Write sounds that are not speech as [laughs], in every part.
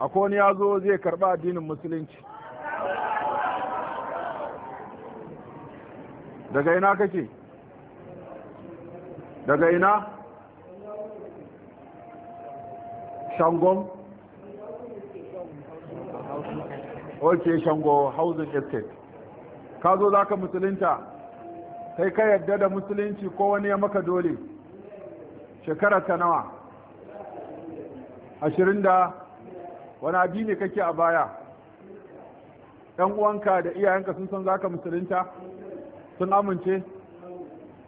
akwai wani ya zo zai karɓa addinin musulunci daga ina kake daga ina shangon ok shango housing estate ka zo za ka musulunta sai ka yadda da musulunci ko wani ya maka dole shekara ta nawa ashirin da wani abi ne kake a baya ɗan uwanka da iyayenka sun san zaka musulunta sun amince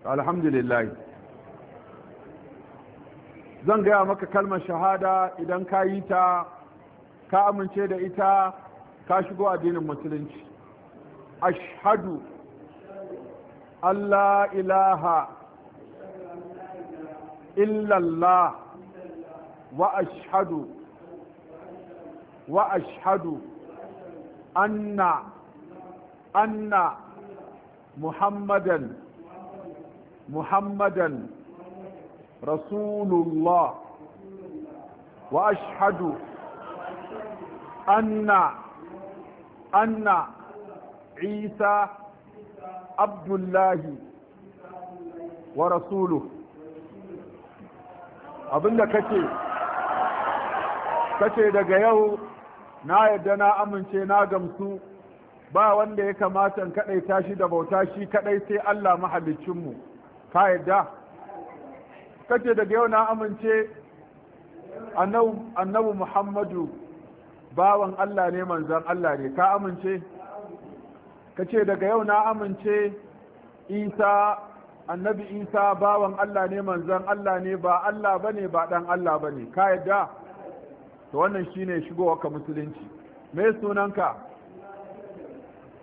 alhamdulillah zan gaya maka kalmar shahada idan ka yi ta ka amince da ita ka shigo addinin musulunci Ashadu. Allah ilaha illallah wa ashhadu وأشهد أن أن محمدا محمدا رسول الله وأشهد أن أن عيسى عبد الله ورسوله abinda kace kace daga yau na yadda na amince na gamsu ba wanda ya kamata in kaɗai tashi da bauta shi kadai sai Allah mahaliccinmu ka yadda kace daga yau na amince annabu Muhammadu bawan Allah ne manzan Allah ne ka amince kace daga yau na amince Isa annabi Isa bawan Allah ne manzan Allah ne ba Allah bane ba dan Allah bane ka yadda to wannan shine shigowa ka musulunci me sunanka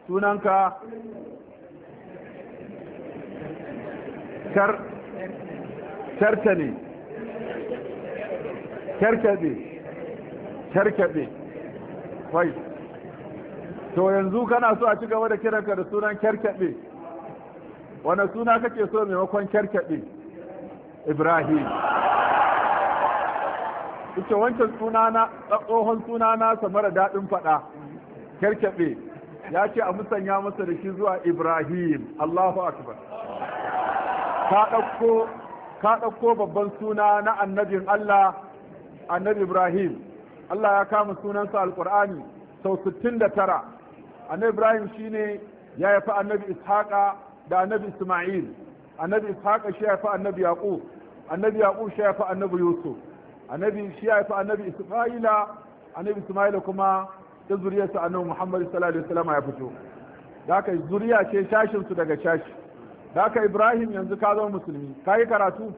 sunanka kar tartane kartabe kartabe wai to yanzu kana so a ci gaba da kiranka da sunan kartabe wani suna kake so maimakon kartabe ibrahim ita wancan sunana tsohon sunana sa mara daɗin faɗa kerkebe ya ce a musanya masa da shi zuwa ibrahim allahu akbar ka ɗauko babban suna na annabin allah annabi ibrahim allah ya kama sunansa alƙur'ani sau 69 annabi ibrahim shine ya yafi annabi ishaqa da annabi isma'il annabi ishaqa shi ya yafi annabi yaqub annabi yaqub shi ya yafi annabi yusuf annabi shi ya haifi annabi isma'ila annabi isma'ila kuma ta zuriyarsa annabi muhammad sallallahu alaihi wasallam ya fito da ka zuriya ce shashin su daga shashi da ka ibrahim yanzu ka zama musulmi ka yi karatu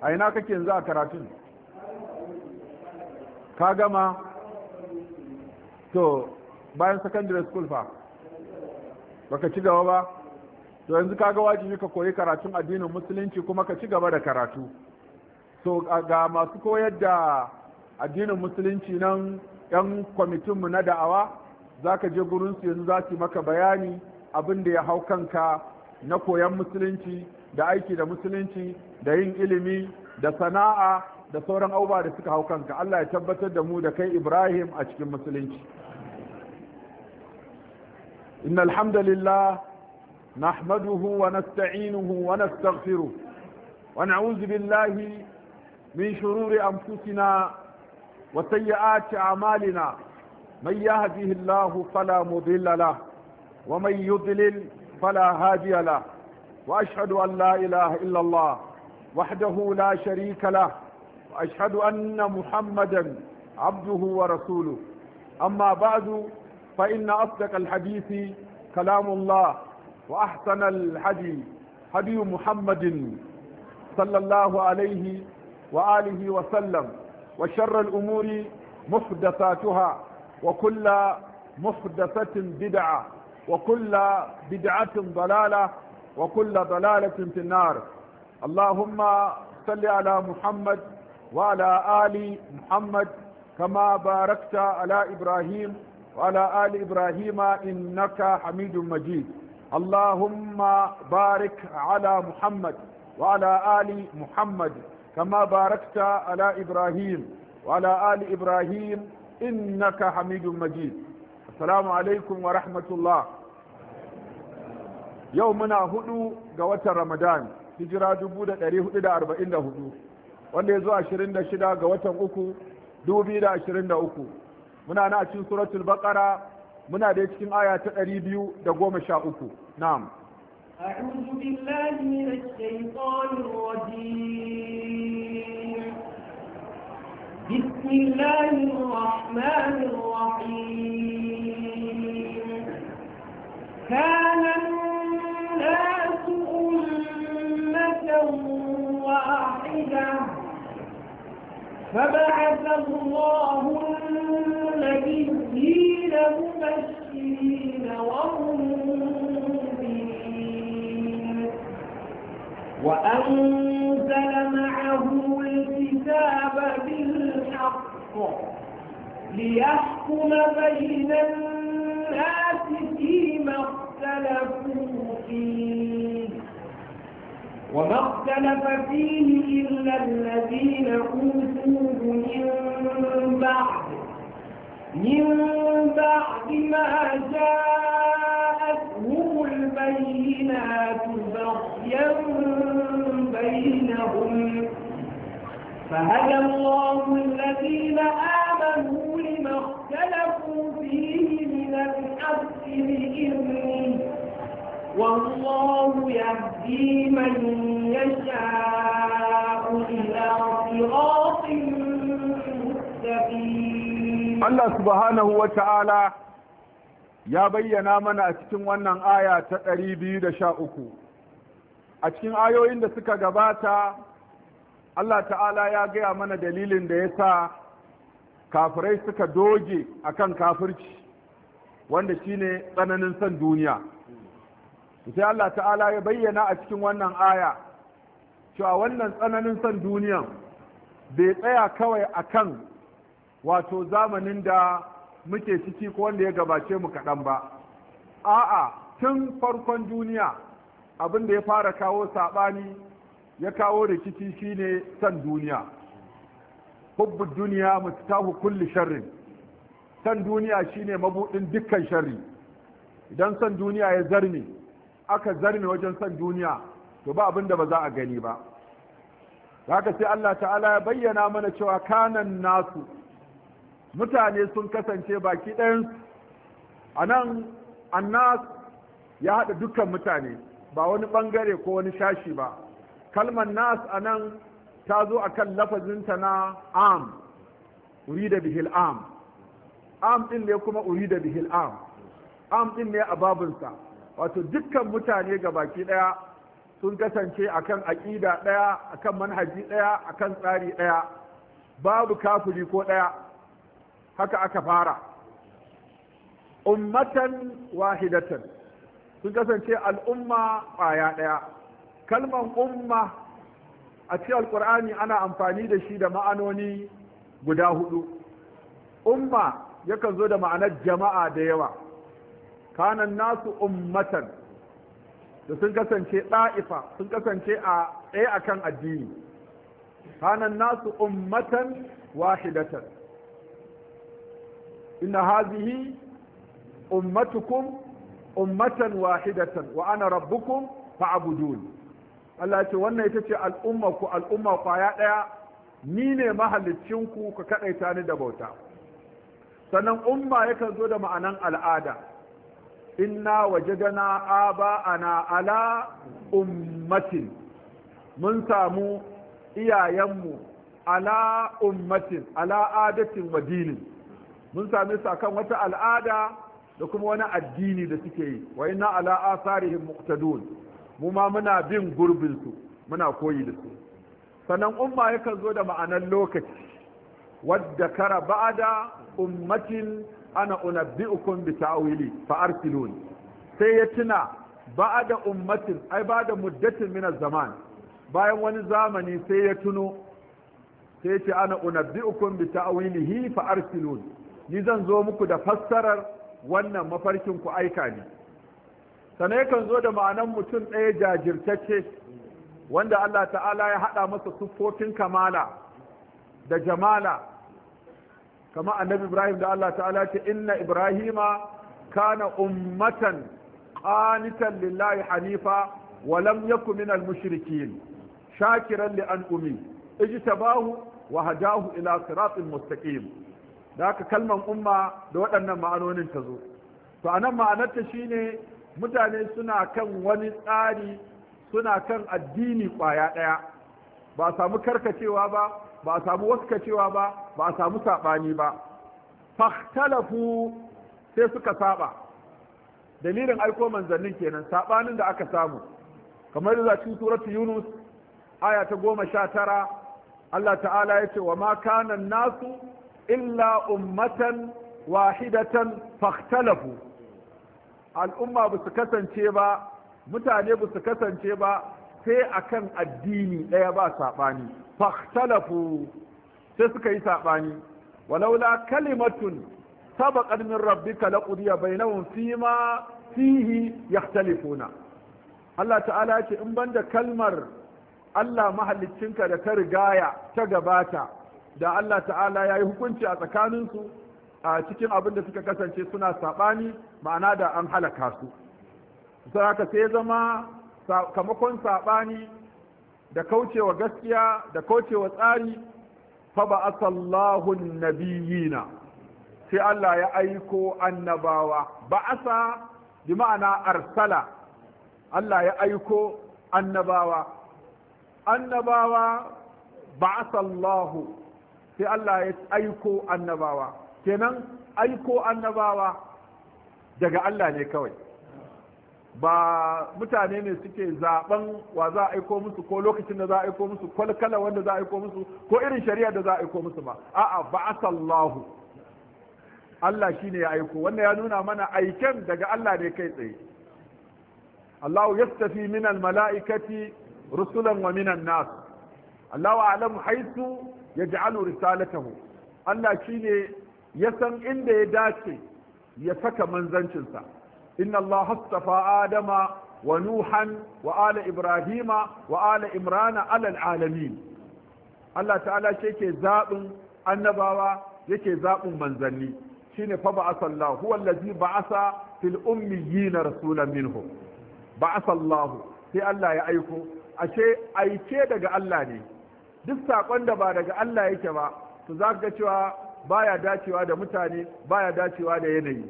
a ina kake yanzu a karatun ka gama to bayan secondary school fa baka ci gaba ba to yanzu kaga wajibi ka koyi karatun addinin musulunci kuma ka ci gaba da karatu to ga masu koyar da addinin musulunci nan yan kwamitinmu na da'awa za ka je gurinsu yanzu za su maka bayani abin da ya hau kanka na koyan musulunci da aiki da musulunci da yin ilimi da sana'a da sauran auba da suka hau kanka Allah ya tabbatar da mu da kai Ibrahim a cikin musulunci إن الحمد لله نحمده ونستعينه ونستغفره ونعوذ بالله من شرور أنفسنا وسيئات أعمالنا من يهده الله فلا مضل له ومن يضلل فلا هادي له وأشهد أن لا إله إلا الله وحده لا شريك له وأشهد أن محمدا عبده ورسوله أما بعد فإن أصدق الحديث كلام الله وأحسن الحديث حديث محمد صلى الله عليه وسلم وآله وسلم وشر الأمور محدثاتها وكل محدثة بدعة وكل بدعة ضلالة وكل ضلالة في النار اللهم صل على محمد وعلى آل محمد كما باركت على إبراهيم وعلى آل إبراهيم إنك حميد مجيد اللهم بارك على محمد وعلى آل محمد كما باركت على إبراهيم وعلى آل إبراهيم إنك حميد مجيد السلام عليكم ورحمة الله يومنا هدو قوة رمضان هجرة جبودة تاريخ إلى أربعين هدو wanda ya zo ashirin da shida ga watan uku dubu da ashirin da uku muna na cikin suratul baqara muna da cikin aya ta ɗari biyu da goma sha uku na'am أعوذ بالله من الشيطان الرجيم بسم الله الرحمن الرحيم كان الناس أمة واحدة فبعث الله النبيين مبشرين ومنذرين وأنزل معه الكتاب بالحق ليحكم بين الناس فيما اختلفوا فيه وما اختلف فيه إلا الذين أوتوه من بعد من بعد ما جاءتهم البينات بغيا فهدى الله الذين آمنوا لما اختلفوا فيه من الحق بإذنه والله يهدي من يشاء إلى صراط مستقيم الله سبحانه وتعالى ya bayyana mana a cikin wannan aya ta 213 a cikin ayoyin da suka gabata Allah ta'ala ya gaya mana dalilin da ya sa kafirai suka doge akan kafirci wanda shine tsananin san duniya sai Allah ta'ala ya bayyana a cikin wannan aya cewa wannan tsananin san duniyan bai tsaya kawai akan wato zamanin da muke ciki ko wanda ya gabace mu kaɗan ba a'a tun farkon duniya abin da ya fara kawo saɓani ya kawo rikici shine san duniya hubbu duniya mutahu kulli sharrin san duniya shine mabudin dukkan sharri idan san duniya ya zarme aka zarme wajen san duniya to ba abin da ba za a gani ba haka sai Allah ta'ala ya bayyana mana cewa kanan nasu mutane sun kasance baki ɗayan a nan annas ya haɗa dukkan mutane ba wani ɓangare ko wani shashi ba kalmar nas a nan ta zo a kan lafazinta na am urida bihil am am ɗin ne kuma urida bihil am am ɗin ne a babinsa wato dukkan mutane ga baki ɗaya sun kasance a kan aƙida ɗaya kan manhaji ɗaya kan tsari ɗaya babu kafuri ko ɗaya haka aka fara ummatan wahidatan sun kasance al'umma ƙwaya ɗaya kalman umma a cikin alkur'ani ana amfani da shi da ma'anoni guda hudu umma yakan zo da ma'anar jama'a da yawa kanan nasu ummatan da sun kasance ɗa'ifa sun kasance a ɗaya akan addini kanan nasu ummatan wahidatan inna hazihi ummatukum ummatan wahidatan wa ana rabbukum fa'budun Allah ce wannan ita ce al'umma ku al'umma kwaya ɗaya ni ne mahallicin ku ka kaɗaita ni da bauta sannan umma yakan zo da ma'anan al'ada inna wajadana aba'ana ala ummatin mun samu iyayenmu ala ummatin ala adatin wa dinin mun sami su akan wata al'ada da kuma wani addini da suke yi wa ina ala asarihim muqtadun mu ma muna bin gurbinsu muna koyi da su sannan umma yakan zo da ma'anar lokaci wadda kara ba'ada ummatin ana unabbi'ukum bi ta'wili fa arsilun sai ya tuna ba'ada ummatin ai ba'da muddatin min zaman bayan wani zamani sai ya tuno sai ya ce ana unabbi'ukum bi ta'wilihi fa arsilun ni zan zo muku da fassarar wannan mafarkin ku aika ne sana yakan zo da ma'anan mutum ɗaya jajirtacce wanda Allah ta'ala ya haɗa masa siffofin kamala da jamala kama annabi Ibrahim da Allah ta'ala ce inna Ibrahima kana ummatan qanitan lillahi hanifa wa lam yakun minal mushrikin shakiran li an'umi ijtabahu wa hadahu ila siratin mustaqim da haka kalman umma da waɗannan ma'anonin ta zo to anan ma'anarta shine mutane suna kan wani tsari suna kan addini kwaya ɗaya ba a samu karkacewa ba ba a samu waskacewa ba ba a samu saɓani ba fahtalafu sai suka saɓa. dalilin aiko manzannin kenan saɓanin da aka samu kamar da cikin suratu yunus aya ta goma sha tara allah ta'ala ya ce wa ma kanan nasu illa ummatan wahidatan fahtalafu al'umma ba su kasance ba mutane ba su kasance ba sai akan addini ɗaya ba saɓani fahtalafu sai suka yi saɓani walaula kalimatun sabaqat min rabbika laqudiya bainahum fima fihi yahtalifuna Allah ta'ala ce in banda kalmar Allah ka da ta rigaya ta gabata da Allah ta'ala ya yi hukunci a tsakaninsu a cikin abin da suka kasance suna saɓani ma'ana da an halaka su saraka sai zama kamakon saɓani da kaucewa gaskiya da kaucewa tsari fa ba asallahu nabiyina sai Allah ya aiko annabawa ba'asa bi ma'ana arsala Allah ya aiko annabawa annabawa ba'asa Allah sai Allah ya aiko annabawa kenan aiko annabawa daga Allah ne kawai ba mutane ne suke zaben wa za a aiko musu ko lokacin da za a aiko musu ko kala wanda za a aiko musu ko irin shari'a da za a aiko musu ba a'a ba'asallahu Allah shine ya aiko wannan ya nuna mana aiken daga Allah ne kai tsaye Allahu yastafi min mala'ikati rusulan wa minan nas Allah a'lamu haythu yaj'alu risalatahu Allah shine ya san inda ya dace ya saka manzancinsa inna Allah hastafa adama wa nuhan wa ala ibrahima wa ala imrana alal alamin Allah ta'ala shi yake zaɓin annabawa yake zaɓin manzanni shine fa ba'asa Allah huwa allazi ba'asa fil ummiyina rasulan minhum ba'asa Allah sai Allah ya aiko ashe aike daga Allah ne duk saƙon da ba daga Allah yake ba to zaka ga cewa baya dacewa da mutane baya dacewa da yanayi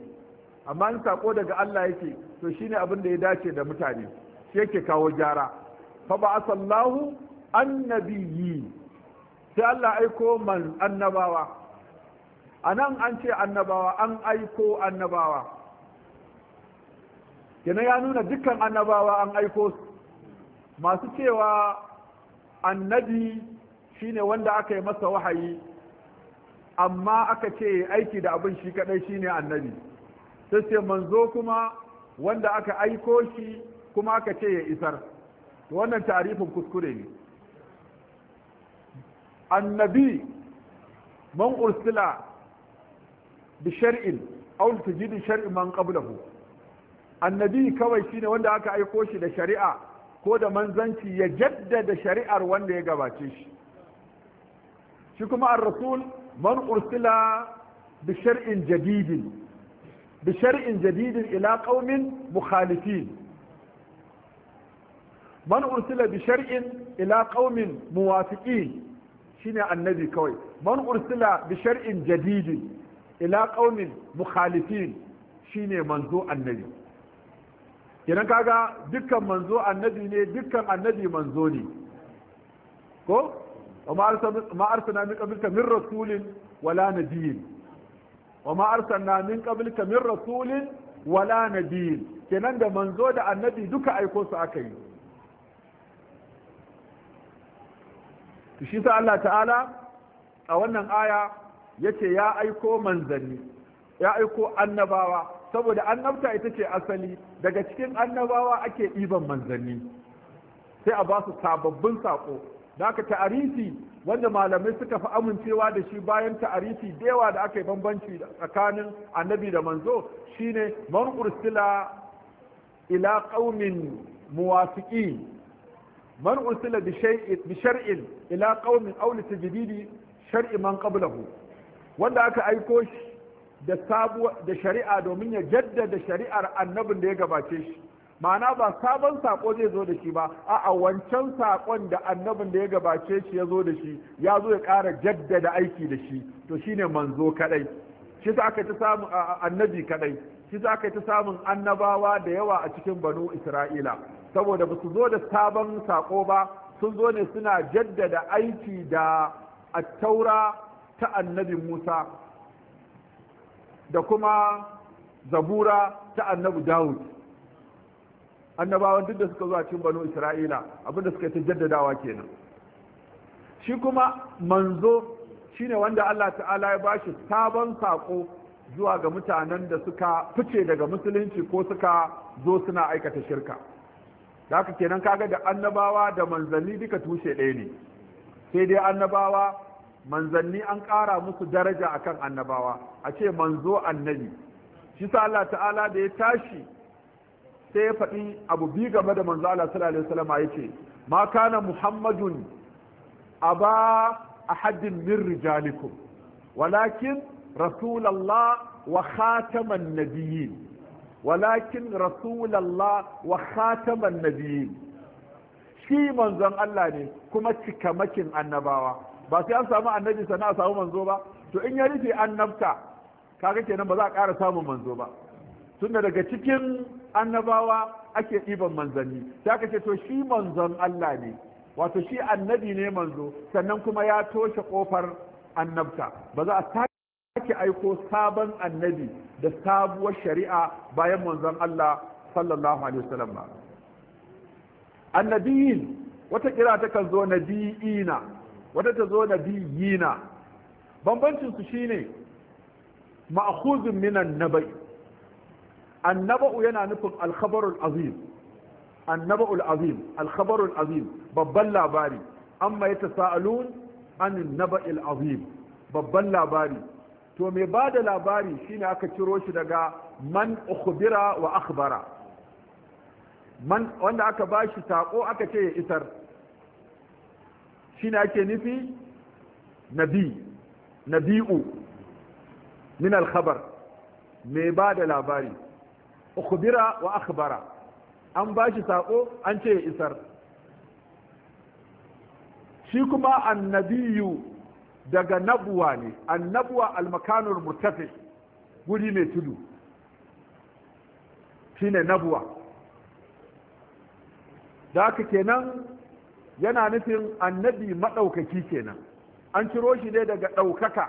amma in sako daga Allah yake to shine abin da ya dace da mutane shi yake kawo gyara fa ba'asallahu annabiyyi sai Allah aiko man annabawa anan an ce annabawa an aiko annabawa kenan ya nuna dukkan annabawa an aiko masu cewa annabi shine wanda aka yi masa wahayi amma aka ce aiki da abin shi kadai shine annabi sai ce manzo kuma wanda aka aiko shi kuma aka ce ya isar wannan tarifin kuskure ne annabi man ursila bi shar'in aw tujidu shar'in man qablahu annabi kawai shine wanda aka aiko shi da shari'a ko da manzanci ya jaddada shari'ar wanda ya gabace shi shi kuma ar-rasul man ursila bi shar'in jadidin bi shar'in jadidin ila qaumin mukhalifin man ursila bi shar'in ila qaumin muwafiqin shine annabi kawai man ursila bi shar'in jadidin ila qaumin mukhalifin shine manzo annabi kaga dukkan manzo annabi ne dukkan annabi manzo ne ko وما أرسلنا من قبلك من رسول ولا نبي وما أرسلنا من قبلك من رسول ولا نبي kenan da manzo da annabi duka aiko su aka yi shi sa Allah ta'ala a wannan aya yace ya aiko manzanni ya aiko annabawa saboda annabta ita ce asali daga cikin annabawa ake ɗiban manzanni sai a ba su sababbin saƙo da ta'arifi wanda malamai suka fi amincewa da shi bayan ta'arifi da yawa da aka yi bambanci tsakanin annabi da manzo shine man ursila ila qaumin muwafiqi man ursila bi shay'in bi shar'in ila qaumin aw li tajdidi shar'i man qablahu wanda aka aiko shi da sabuwa da shari'a domin ya jaddada shari'ar annabin da ya gabace shi ma'ana ba sabon saƙo zai zo da shi ba a'a wancan saƙon da annabin da ya gabace shi ya zo da shi ya zo ya ƙara jaddada aiki da shi to shine manzo kadai shi za ka ta samun annabi kadai shi za ka ta samun annabawa da yawa a cikin banu isra'ila saboda ba su zo da sabon saƙo ba sun zo ne suna jaddada aiki da attaura ta annabi musa da kuma zabura ta annabi dawud annabawan duk da suka zuwa cikin banu isra'ila da suka ta jaddadawa kenan shi kuma manzo shine wanda Allah ta'ala ya bashi sabon sako zuwa ga mutanen da suka fice daga musulunci ko suka zo suna aikata shirka da haka kenan kaga da annabawa da manzanni duka tushe ɗaya ne sai dai annabawa manzanni an ƙara musu daraja akan annabawa a ce manzo annabi shi sa Allah ta'ala da ya tashi sai ya faɗi abu bi game da manzo Allah sallallahu alaihi wasallam yace ma kana muhammadun aba ahadin min rijalikum walakin rasulallah wa khataman nabiyyin walakin rasulallah wa khataman nabiyyin shi manzon Allah ne kuma cikamakin annabawa ba sai an samu annabi sana a samu manzo ba to in ya rufe annabta kaga kenan ba za a ƙara samun manzo ba tunda daga cikin annabawa ake ɗiban manzanni ta ka ce to shi manzon Allah ne wato shi annabi ne manzo sannan kuma ya toshe kofar annabta ba za a sake aiko sabon annabi da sabuwar shari'a bayan manzon Allah sallallahu alaihi wasallam ba annabiyin wata kira ta kan zo nabiyina wata ta zo nabiyina bambancin su shine ma'khuzun minan nabai annaba'u yana nufin alkhabarul azim annaba'ul azim alkhabarul azim babban labari amma ya tasa'alun an naba'il azim babban labari to mai ba da labari shine aka ciro shi daga man ukhbira wa akhbara man wanda aka bashi sako aka ce ya isar shine ake nufi nabi nabi'u min alkhabar mai ba da labari ukhbira wa akhbara an bashi saƙo an ce ya isar shi kuma annabiyu daga nabuwa ne annabuwa almakanur murtafi guri mai tudu shine nabuwa da haka kenan yana nufin annabi maɗaukaki kenan an ciro shi ne daga ɗaukaka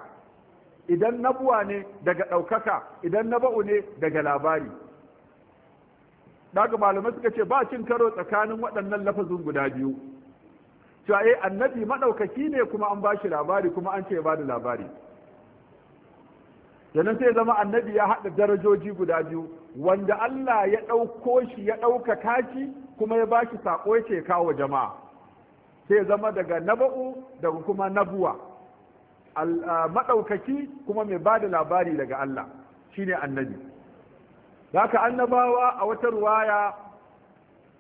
idan nabuwa ne daga ɗaukaka idan naba'u ne daga labari daga malamai suka ce ba cin karo tsakanin waɗannan lafazin guda biyu cewa eh annabi madaukaki ne kuma an bashi labari kuma an ce ya bada labari sannan sai zama annabi ya haɗa darajoji guda biyu wanda Allah ya ɗauko shi ya ɗaukaka shi kuma ya bashi saƙo ya ce kawo jama'a sai zama daga naba'u daga kuma nabuwa ah, Madaukaki kuma mai bada labari daga Allah shine annabi haka annabawa a wata ruwaya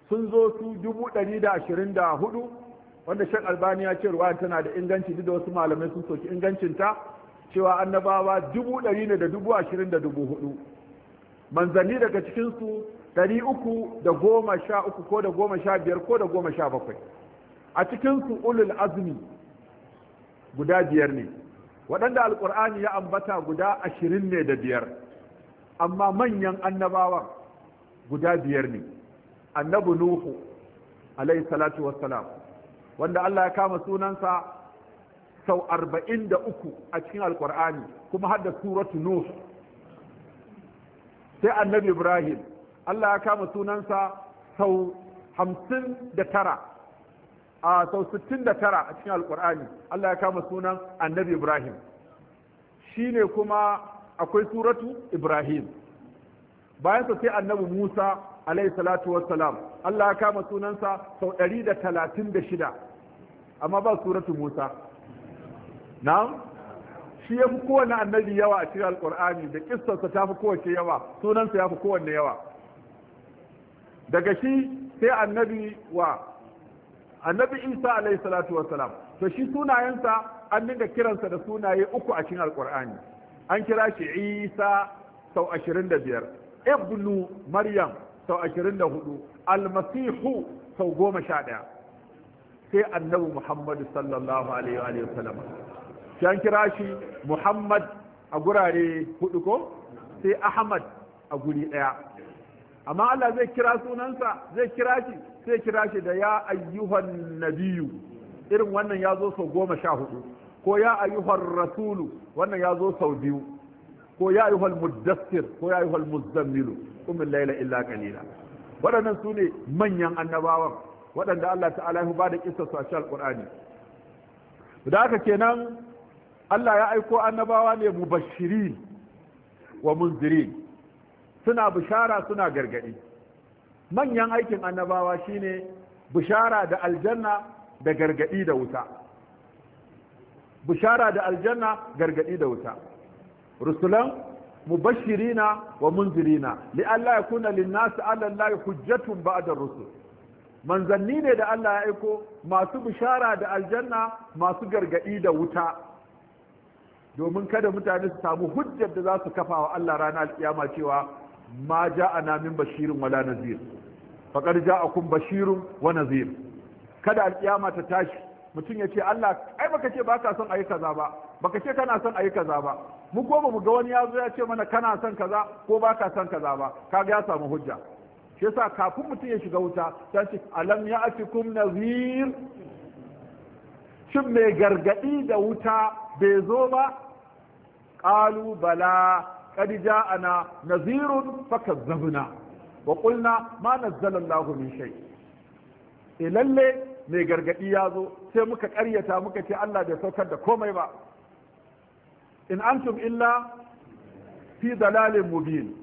sun zo su dubu ɗari da ashirin da hudu wanda shan albani ya ce ruwaya tana da inganci duk da wasu malamai sun soki ingancinta cewa annabawa dubu ɗari ne da dubu ashirin da dubu hudu manzanni daga cikinsu ɗari uku da goma sha uku ko da goma sha biyar ko da goma sha bakwai a cikinsu ulul azumi guda biyar ne waɗanda alƙur'ani ya ambata guda ashirin ne da biyar amma manyan annabawan guda biyar ne annabi nuhu alayhi salatu wassalam wanda Allah ya kama sunansa sau 43 a cikin alkur'ani kuma hadda suratu nuh sai annabi ibrahim Allah ya kama sunansa sau 59 a sau 69 a cikin alkur'ani Allah ya kama sunan annabi ibrahim shine kuma akwai suratu ibrahim bayan sa sai annabi musa alaihi salatu wassalam allah ya kama sunansa sau 136 amma ba suratu musa na'am shi ya fi kowane annabi yawa a cikin alqur'ani da kissarsa ta fi kowace yawa sunansa ya fi kowanne yawa daga shi sai annabi wa annabi isa alaihi salatu wassalam to shi sunayensa an dinga kiransa da sunaye uku a cikin alqur'ani an kira shi isa sau biyar, ibnu maryam sau 24 almasihu sau 11 sai annabi muhammadu sallallahu alaihi wa sallam sai an kira shi muhammad a gurare hudu ko sai ahmad a guri daya amma Allah zai kira sunansa zai kira shi sai kira shi da ya ayyuhan nabiyu irin wannan ya zo sau goma sha hudu ko ya ayyuhar rasulu wannan ya zo sau biyu ko ya ayyuhar muddassir ko ya ayyuhar muzammilu kumin laila illa kalila. waɗannan su ne manyan annabawan waɗanda Allah ta'ala ya da kissa su a cikin alqur'ani da haka kenan Allah ya aiko annabawa ne mubashiri wa munziri suna bishara suna gargadi manyan aikin annabawa shine bishara da aljanna da gargadi da wuta bishara da aljanna gargadi da wuta rusulan mubashirina wa munzirina li alla yakuna kuna nas Allah allahi hujjatun ba'da rusul manzanni ne da Allah ya aiko masu bishara da aljanna masu gargadi da wuta domin kada mutane su samu hujjar da za su kafa wa Allah rana alkiyama cewa ma ja'ana min bashirin wala nazir faqad ja'akum bashirun wa nazir kada alkiyama ta tashi mutum ya ce Allah ai baka ce baka son ayi kaza ba baka ce kana son ayi kaza ba mu ko mu ga wani ya zo ya ce mana kana son kaza ko baka son kaza ba kaga ya samu hujja shi yasa kafin mutum ya shiga wuta ta ce alam ya'tikum nazir shin mai gargadi da wuta bai zo ba qalu bala qad ja'ana nazirun fakazzabna wa qulna ma nazzala Allahu min shay eh, lalle mai gargadi ya zo sai muka ƙaryata muka ce Allah bai saukar da komai ba in antum illa fi dalalin mubin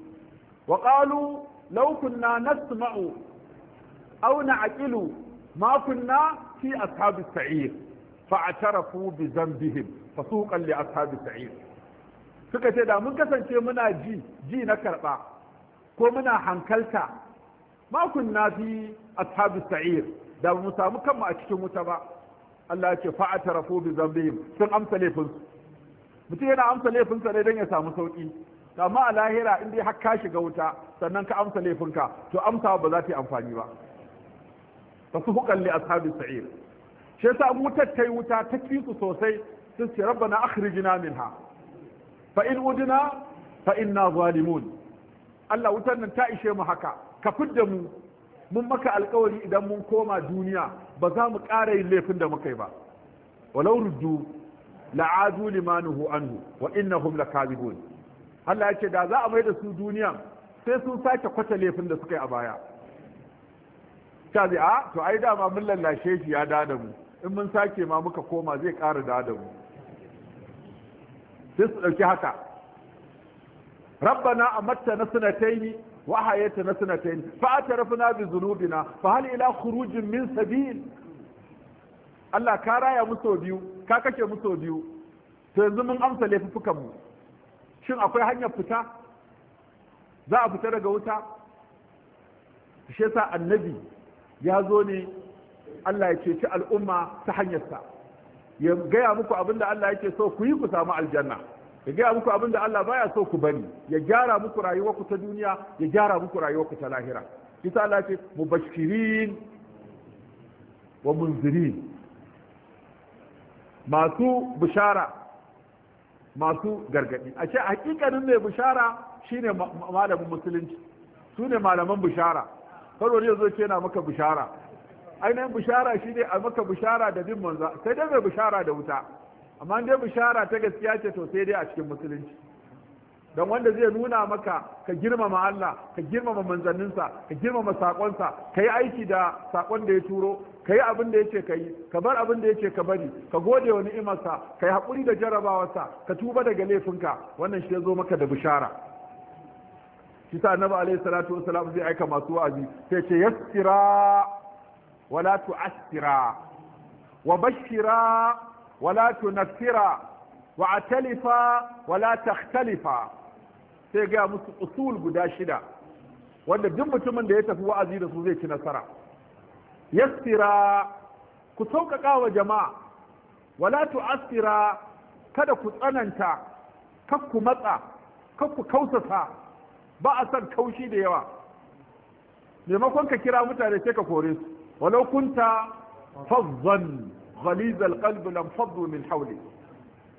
wa qalu law kunna nasma'u aw na'qilu ma kunna fi ashabi sa'ir fa'tarafu bi dhanbihim fasuqan li ashabi sa'ir suka ce da mun kasance muna ji ji na karba ko muna hankalta ma kunna fi ashabi sa'ir da mu samu kanmu a cikin wuta ba Allah ya ce fa'atarafu bi zambihim sun amsa laifin mutum yana amsa laifin sa ne dan ya samu sauki amma a lahira in dai har ka shiga wuta sannan ka amsa laifinka to amsa ba za ta yi amfani ba fasuhuqan li ashabis sa'ir shi yasa in wutar ta yi wuta ta kisu sosai sun ce rabbana akhrijna minha fa in udna fa inna zalimun Allah wutar nan ta ishe mu haka ka fidda mu mun maka alkawari idan mun koma duniya ba za mu ƙara yin laifin da muka yi ba walau ruddu la'adu limanuhu anhu wa innahum lakazibun Allah ya ce da za a mai da su duniya sai sun sake kwata laifin da suka yi a baya ta zai a to ai dama mun lallashe shi ya dada mu in mun sake ma muka koma zai ƙara dada mu sai su ɗauki haka rabbana amatta na sunataini Wahayeta hayatana sanatayn fa atarafna bi dhunubina fa hal ila khurujin min sabil Allah ka raya mu sau biyu ka kashe mu sau biyu to yanzu mun amsa laifukan mu shin akwai hanyar fita za a fita daga wuta shi yasa annabi ya zo ne Allah ya ceci al'umma ta hanyarsa ya gaya muku abinda Allah yake so ku yi ku samu aljanna ya gaya muku abin da Allah baya so ku bari ya gyara muku rayuwarku ta duniya ya gyara muku rayuwarku ta lahira kisa Allah ce mubashirin wa munzirin masu bishara masu gargadi a ce hakikanin mai bishara shine malamin musulunci su ne malaman bishara karo ne zo ce na maka bishara ainihin bishara shine a maka bishara da bin manza sai dai mai bishara da wuta amma dai bishara ta gaskiya ce to sai dai a cikin musulunci don wanda zai nuna maka ka girmama Allah ka girmama manzanninsa ka girmama sakonsa ka yi aiki da sakon da ya turo ka yi abin da ya ce ka yi ka bar abin da ya ce ka bari ka gode wa ni'imarsa ka yi haƙuri da jarabawarsa ka tuba daga laifinka wannan shi ya zo maka da bishara shi sa annabi alaihi salatu wasalam zai aika masu wa'azi sai ce yassira wala tu'assira wa bashira wala tunaffira wa atalifa wala takhtalifa sai ga musu usul guda shida wanda duk mutumin da ya tafi wa'azi da su zai ci nasara yastira ku sauƙaƙa wa jama'a wala tu'assira kada ku tsananta kar ku matsa kar ku kausasa ba a san kaushi da yawa maimakon ka kira mutane sai ka kore su walau kunta fazzan غليظ القلب لانفضوا من حولك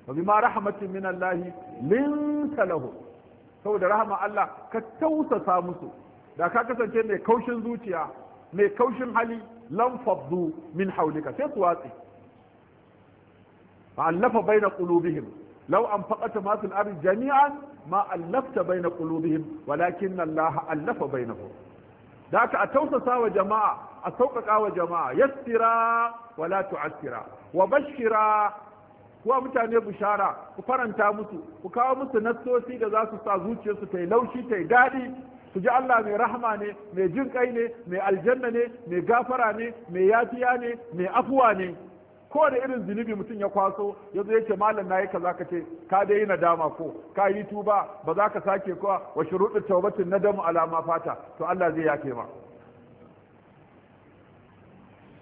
وبما رحمة من الله لنت لهم saboda rahama Allah ka tausasa musu da ka kasance mai kaushin zuciya mai kaushin hali lan faddu min haulika sai su watsi fa allafa baina qulubihim law anfaqata ma fil ardi jami'an ma allafta baina qulubihim walakin Allah allafa bainahum da ka tausasa wa jama'a a sauƙaƙa wa jama'a yassira wala tu'assira wa bashira kuwa mutane bishara ku faranta musu ku kawo musu nassosi da za su sa zuciyarsu ta yi laushi ta yi daɗi su ji Allah mai rahama ne mai jin kai ne mai aljanna ne mai gafara ne mai yafiya ne mai afuwa ne ko da irin zunubi mutum ya kwaso ya zo ya malam na yi kaza ka ce ka dai yi nadama ko ka yi tuba ba za ka sake kuwa wa shuruɗin taubatin nadamu alama fata to Allah zai yake ma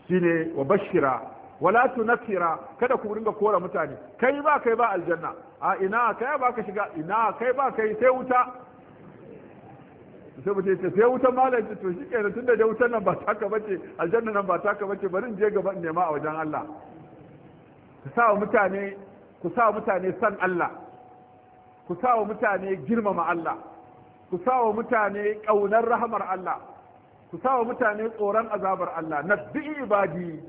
shine wa bashira wala tunfira kada ku ringa kora mutane kai ba kai ba aljanna a ina kai ba ka shiga ina kai ba kai sai wuta sai mutum ce sai wutan malam ce to shikenan tunda da wutan nan ba ta ka bace aljanna nan ba ta ka bace bari in je gaba in nema a wajen Allah ku sa mutane ku sa mutane san Allah ku sa mutane girmama Allah ku sa mutane kaunar rahmar Allah ku sa wa mutane tsoron azabar Allah nabbi ibadi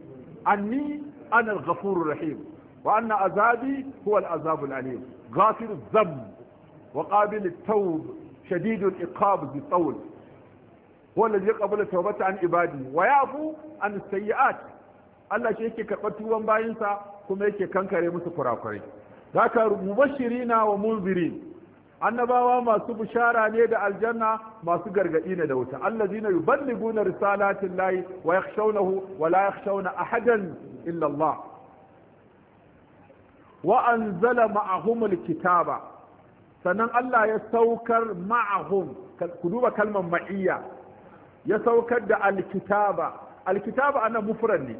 anni ana al-ghafurur rahim wa anna azabi huwa al-azab al-alim ghafir adh-dhanb wa qabil at-tawb shadid al-iqab bi tawl هو الذي يقبل التوبة عن عباده ويعفو عن السيئات Allah shi yake karɓar tuwon bayinsa kuma yake kankare musu kurakurai zaka mubashirina wa munzirin annabawa masu bishara ne da aljanna masu gargadi ne da wuta allazina yuballiguna risalatin lahi wa yakhshawnahu wa la yakhshawna ahadan illa Allah wa anzala ma'ahum alkitaba sannan Allah ya saukar ma'ahum ku duba kalmar ma'iyya ya saukar da alkitaba alkitaba ana mufran ne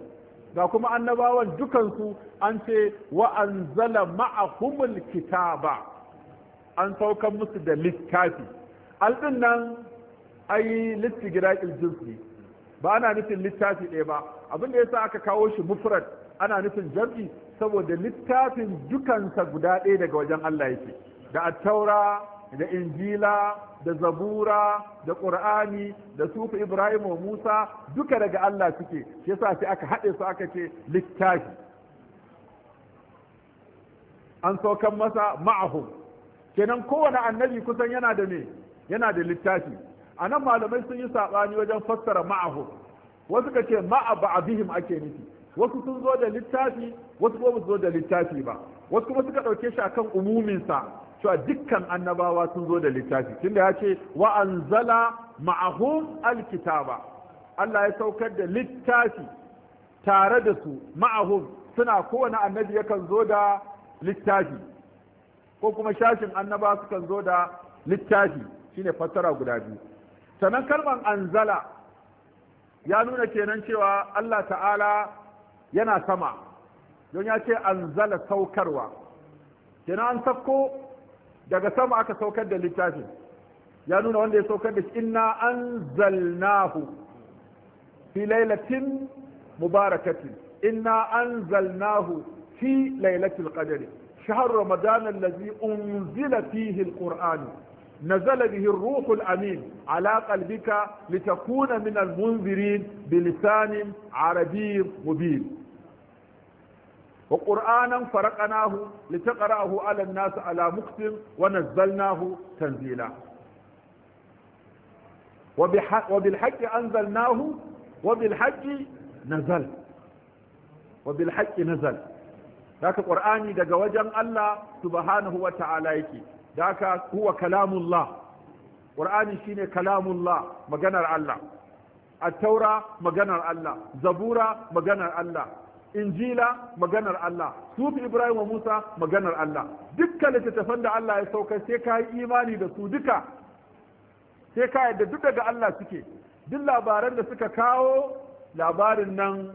ga kuma annabawan dukansu an ce wa anzala ma'ahum alkitaba an saukan musu da littafi alɗin nan ai litti giraƙil jinsi ba ana nufin littafi ɗaya ba abin da sa aka kawo shi mufrad ana nufin jam'i saboda littafin dukansa guda ɗaya daga wajen Allah yake da attaura da injila da zabura da ƙur'ani da sufi ibrahim wa musa duka daga Allah suke shi yasa sai aka haɗe su aka ce littafi an saukan masa ma'ahum kenan kowane annabi kusan yana da me yana da littafi a nan malamai sun yi saɓani wajen fassara ma'ahu wasu ka ce ma'a ba'abihim ake nufi wasu sun zo da littafi wasu kuma zo da littafi ba wasu kuma suka ɗauke shi kan umuminsa cewa dukkan annabawa sun zo da littafi tunda ya ce wa anzala ma'ahum alkitaba Allah ya saukar da littafi tare da su ma'ahum suna kowane annabi yakan zo da littafi ko kuma shashin annaba sukan zo da littafi shine fassara guda biyu sannan kalman anzala ya nuna kenan cewa Allah ta'ala yana sama don ya ce anzala saukarwa kenan an sauko daga sama aka saukar da littafin ya nuna wanda ya saukar da shi inna anzalnahu fi lailatin mubarakatin inna anzalnahu fi lailatul qadri شهر رمضان الذي أنزل فيه القرآن نزل به الروح الأمين على قلبك لتكون من المنذرين بلسان عربي مبين وقرآنا فرقناه لتقرأه على الناس على مقسم ونزلناه تنزيلا وبالحق أنزلناه وبالحق نزل وبالحق نزل haka ƙur'ani daga wajen Allah subhanahu wa ta'ala yake haka huwa kalamullah qur'ani shine kalamullah maganar Allah at-taura maganar Allah zabura maganar Allah injila maganar Allah sufi ibrahim wa musa maganar Allah dukkan littattafan da Allah ya sauka sai ka yi imani da su duka sai ka yadda duk daga Allah suke duk labaran da suka kawo labarin nan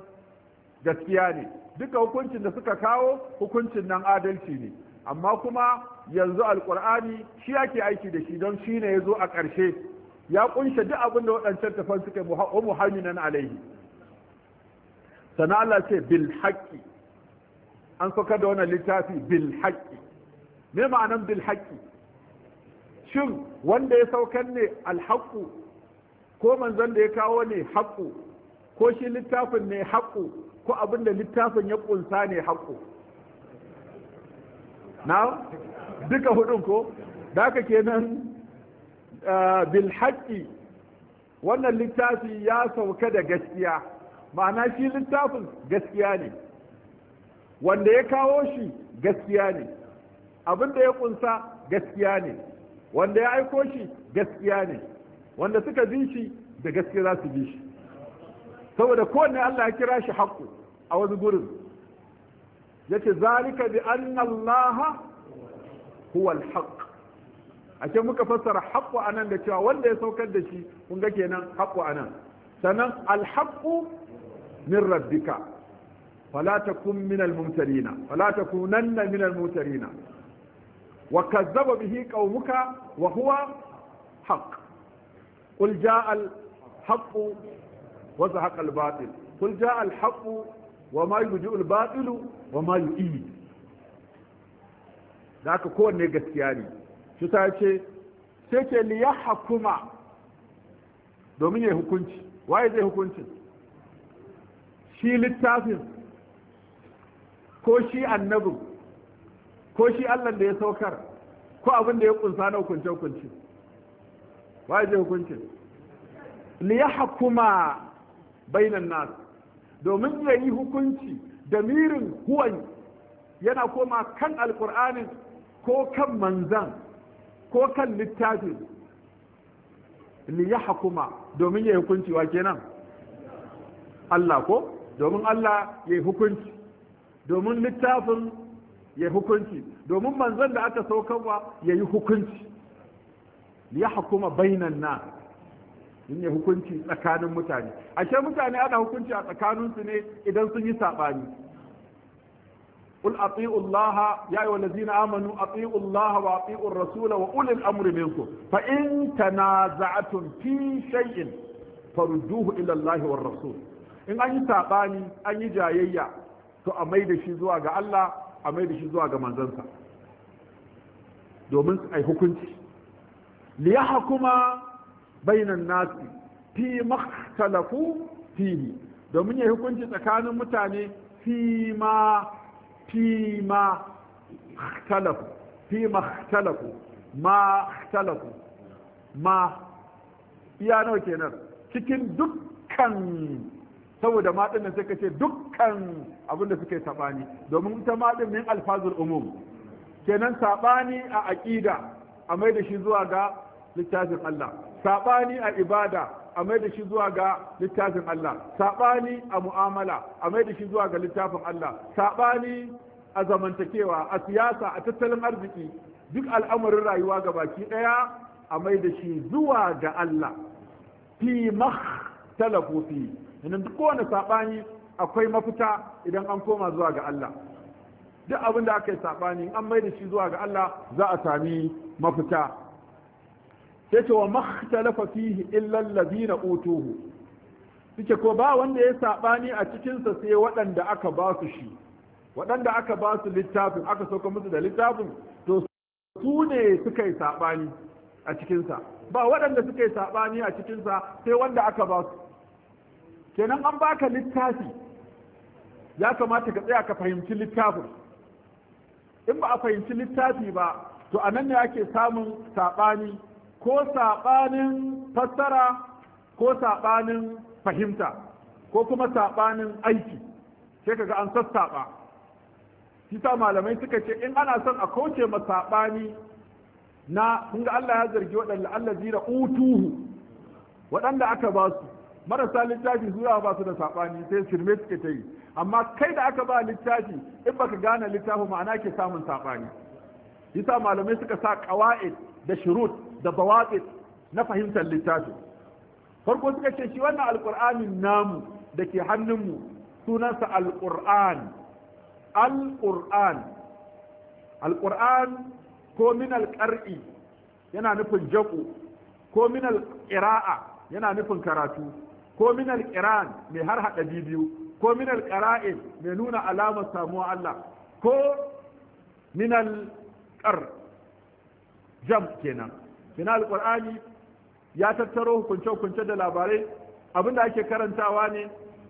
gaskiya ne duka hukuncin da suka kawo hukuncin nan adalci ne amma kuma yanzu alkur'ani shi yake aiki da shi don shi ne ya zo a ƙarshe ya kunshe duk abin da waɗancan tafan suka yi nan alaihi sana Allah ce bil haƙƙi an saka da wannan littafi bil haƙƙi me ma'anan bil haƙƙi shin wanda ya saukar ne alhaƙu ko manzon da ya kawo ne haƙu ko shi littafin ne haƙo ko abin da littafin ya ƙunsa ne haƙo na duka hudun ko da aka kenan uh, bil haƙi wannan littafi ya sauka da gaskiya ma'ana shi littafin gaskiya ne wanda ya kawo shi gaskiya ne abin da ya ƙunsa gaskiya ne wanda ya aiko shi gaskiya ne wanda suka bi shi da gaskiya za su bi shi saboda kowane Allah ya kira shi haqqu a wani gurin yace zalika bi anna Allah huwa al-haqq muka fassara haqqu anan da cewa wanda ya saukar da shi kun ga kenan haqqu anan sannan al-haqqu min rabbika fala takun min al fala takunanna min al wa kazzaba bihi qaumuka wa huwa haqq qul ja'al haqqu wa zahaqa al-batil qul jaa al-haqqu wa ma yubdi'u al wa ma yu'id da ka kowanne gaskiya ne shi ta ce sai ke li domin ya hukunci waye zai hukuncin shi littafin ko shi annabin ko shi Allah ya saukar ko abin da ya kunsa na hukunce hukunci waye zai hukuncin li yahkuma bainan nas domin ya yi hukunci da mirin huwan yana koma kan alkur'anin ko kan manzan ko kan littafin li ya domin ya yi hukunci wa kenan Allah ko domin Allah ya yi hukunci domin littafin ya yi hukunci domin manzan da aka saukarwa ya yi hukunci li ya bainan nas shine hukunci tsakanin mutane ashe mutane ana hukunci a tsakaninsu ne idan sun yi sabani qul atiu allah ya ayu allazina amanu atiu allah wa atiu ar-rasul wa ulil amri minkum fa in tanaza'tum fi shay'in farudduhu ila allah wa ar in an yi sabani an yi jayayya to amai mai da shi zuwa ga Allah amai mai da shi zuwa ga manzansa domin ai hukunci Liyaha kuma bainan nasi fi makhtalafu fihi domin ya hukunci tsakanin mutane fi ma fi ma ikhtalafu fi ma ma ma iya nawa kenan cikin dukkan saboda ma din sai kace dukkan abin da suke sabani domin ita ma din min alfazul umum kenan sabani a aqida a mai da shi zuwa ga littafin Allah saɓani a ibada a mai da shi zuwa ga littafin Allah saɓani a mu'amala a mai da shi zuwa ga littafin Allah saɓani a zamantakewa a siyasa a tattalin arziki duk al'amarin rayuwa ga baki ɗaya a mai da shi zuwa ga Allah fi talafu fi nan duk kowane saɓani akwai mafita idan an koma zuwa ga Allah duk abin da aka yi saɓani an mai da shi zuwa ga Allah za a sami mafita sai wa makhtalafa fihi illa alladhina utuhu suke ko ba wanda ya sabani a cikin sa sai waɗanda aka ba su shi waɗanda aka ba su littafin aka sauka musu da littafin to su ne suka yi sabani a cikin sa ba waɗanda suka yi sabani a cikin sa sai wanda aka ba su kenan an baka littafi ya kamata ka tsaya ka fahimci littafin in ba a fahimci littafi ba to anan ne ake samun sabani ko saɓanin fassara ko saɓanin fahimta ko kuma saɓanin aiki sai kaga an sassaɓa sa malamai suka ce in ana son a kauce ma saɓani na ga Allah ya zargi waɗanda Allah zira utuhu waɗanda aka ba su marasa littafi zuwa ba su da saɓani sai shirme suke ta yi amma kai da aka ba littafi in baka gane littafi ma'ana ke samun saɓani yasa malamai suka sa ƙawa'id da shirut da bawaƙi na fahimtar littafin farko suka ce shi wannan alƙur'anin namu da ke hannunmu sunansa alƙur'an alƙur'an alƙur'an ko min alƙar'i yana nufin jaƙo ko min alƙira'a yana nufin karatu ko min alƙiran mai har haɗa biyu ko min alƙara'in mai nuna alamar samuwa Allah ko min alƙar jam kenan kina alqur'ani ya tattaro hukunce hukunce da labarai abinda ake karantawa ne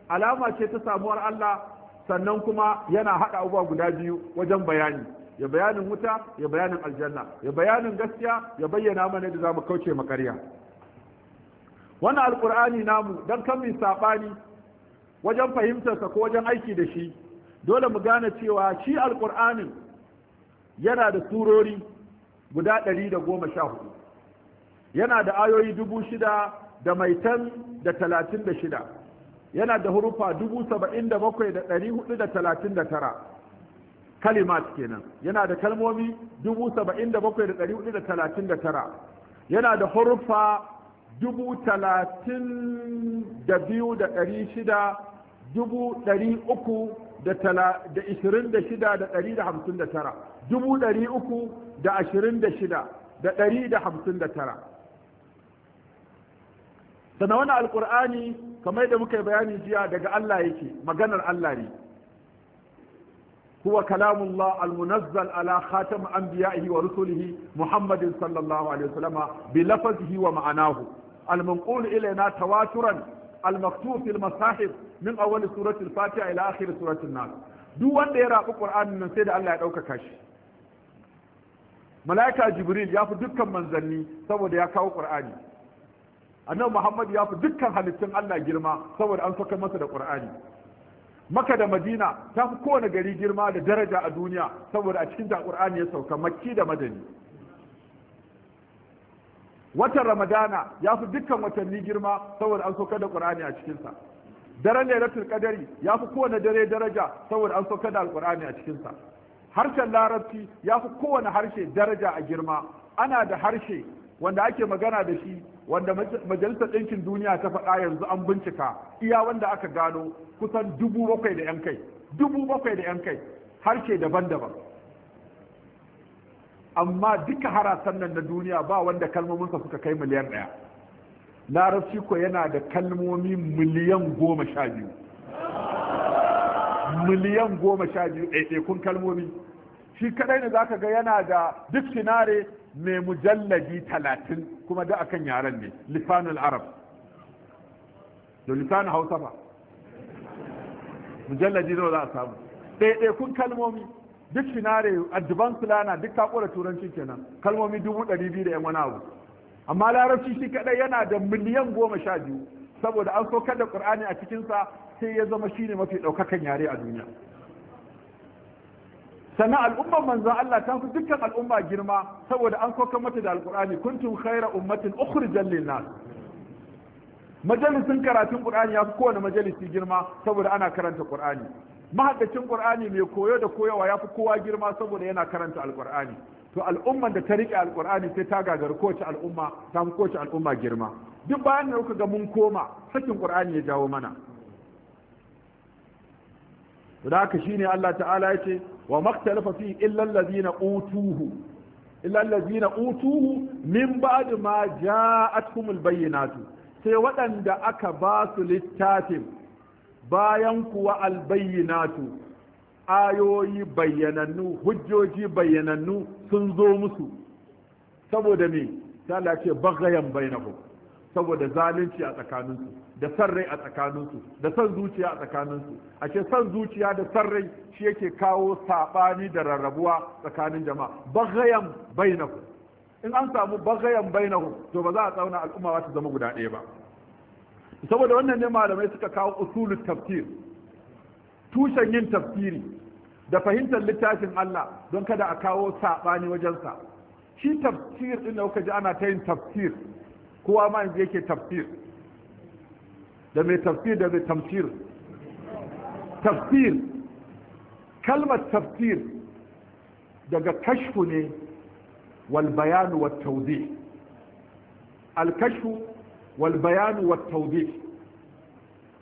alama ce ta samuwar Allah sannan kuma yana haɗa abubuwa guda biyu wajen bayani ya bayanin wuta ya bayanin aljanna ya bayanin gaskiya ya bayyana mana da zamu kauce makarya wannan alqur'ani namu dan kan mi sabani wajen fahimtarsa ko wajen aiki da shi dole mu gane cewa shi alqur'anin yana da surori guda ɗari da goma sha hudu yana da ayoyi dubu shida da maitan da talatin da shida yana da hurufa dubu saba'in da bakwai da ɗari hudu da talatin da tara kalimat kenan yana da kalmomi dubu saba'in da bakwai da ɗari hudu da talatin da tara yana da hurufa dubu talatin da biyu da ɗari shida dubu ɗari uku da ishirin da shida da ɗari da hamsin da tara dubu ɗari uku da ashirin da shida da ɗari da hamsin da tara sannan wani alkur'ani kamar da muka yi bayani jiya daga Allah yake maganar Allah ne huwa kalamullah almunazzal ala khatam anbiya'ihi wa rusulihi muhammadin sallallahu alaihi bi bi lafzihi wa ma'anahu almanqul ilayna tawaturan almaktub fil masahif min awwal surati al-fatiha ila akhir surati an-nas duk wanda ya rabu qur'anin nan sai da Allah ya dauka shi malaika jibril ya fi dukkan manzanni saboda ya kawo qur'ani annabi Muhammad ya fi dukkan halittun Allah girma saboda an saka masa da Qur'ani Maka da Madina ta fi kowane gari girma da daraja a duniya saboda a cikin ta Qur'ani ya sauka Makki da Madani Watan Ramadana ya fi dukkan watanni girma saboda an sauka da Qur'ani a cikin sa Daren Lailatul Qadari ya fi kowane dare daraja saboda an sauka da alqur'ani a cikin Harshen Larabci ya fi kowane harshe daraja a girma ana da harshe wanda ake magana da shi wanda majalisar ɗinkin duniya ta faɗa yanzu an bincika iya wanda aka gano kusan dubu bakwai da 'yan kai dubu bakwai da 'yan kai harshe daban-daban amma duka harasan nan na duniya ba wanda kalmominsa suka kai miliyan ɗaya larabci ko yana da kalmomi miliyan goma sha biyu miliyan goma sha biyu ɗaiɗaikun kalmomi shi kadai ne za ka ga yana da sinare. mai mujalladi talatin kuma da akan yaren ne lisanul arab da lisanul hausa ba mujalladi nawa za a samu ɗaiɗai kun kalmomi duk finare addiban sulana duk ta kora turanci kenan kalmomi dubu ɗari biyu da yan wani abu amma larabci shi kaɗai yana da miliyan goma sha biyu saboda an so kada ƙur'ani a cikinsa sai ya zama shine mafi ɗaukakan yare a duniya sannan al'ummar manzon Allah ta fi dukkan al'umma girma saboda an kokar mata da alkurani kuntum khayra ummatin ukhrijal linnas majalisin karatun qur'ani ya fi kowane majalisi girma saboda ana karanta qur'ani mahaddacin qur'ani mai koyo da koyawa ya fi kowa girma saboda yana karanta alkur'ani to al'umman da ta riƙe alƙur'ani sai ta gagari kowace al'umma ta fi kowace al'umma girma duk bayan da kuka ga mun koma sakin ƙur'ani ya jawo mana da haka shine Allah ta'ala ya ce wa maktalafa fi illa allazina utuhu illa allazina utuhu min ba'd ma ja'atkum albayyinatu sai waɗanda aka ba su littafin bayan kuwa albayyinatu ayoyi bayyanannu hujjoji bayyanannu sun zo musu saboda me ta ce bagayen bainakum saboda zalunci a tsakaninsu da san rai a tsakaninsu da san zuciya a tsakaninsu a ce san zuciya da san rai shi yake kawo sabani da rarrabuwa tsakanin jama'a bagayan bainahu in an samu bagayan bainahu to ba za a tsauna al'umma ta zama guda ɗaya ba saboda wannan ne malamai suka kawo usulul tafsir tushen yin tafsiri da fahimtar littafin Allah don kada a kawo saɓani wajensa shi tafsir ɗin da kuka ji ana ta yin tafsir kowa ma yanzu yake tafsir da mai tafsir da mai tamsir tafsir kalmar tafsir daga kashfu ne wal bayanu wat tawdih al kashfu wal bayanu wat tawdih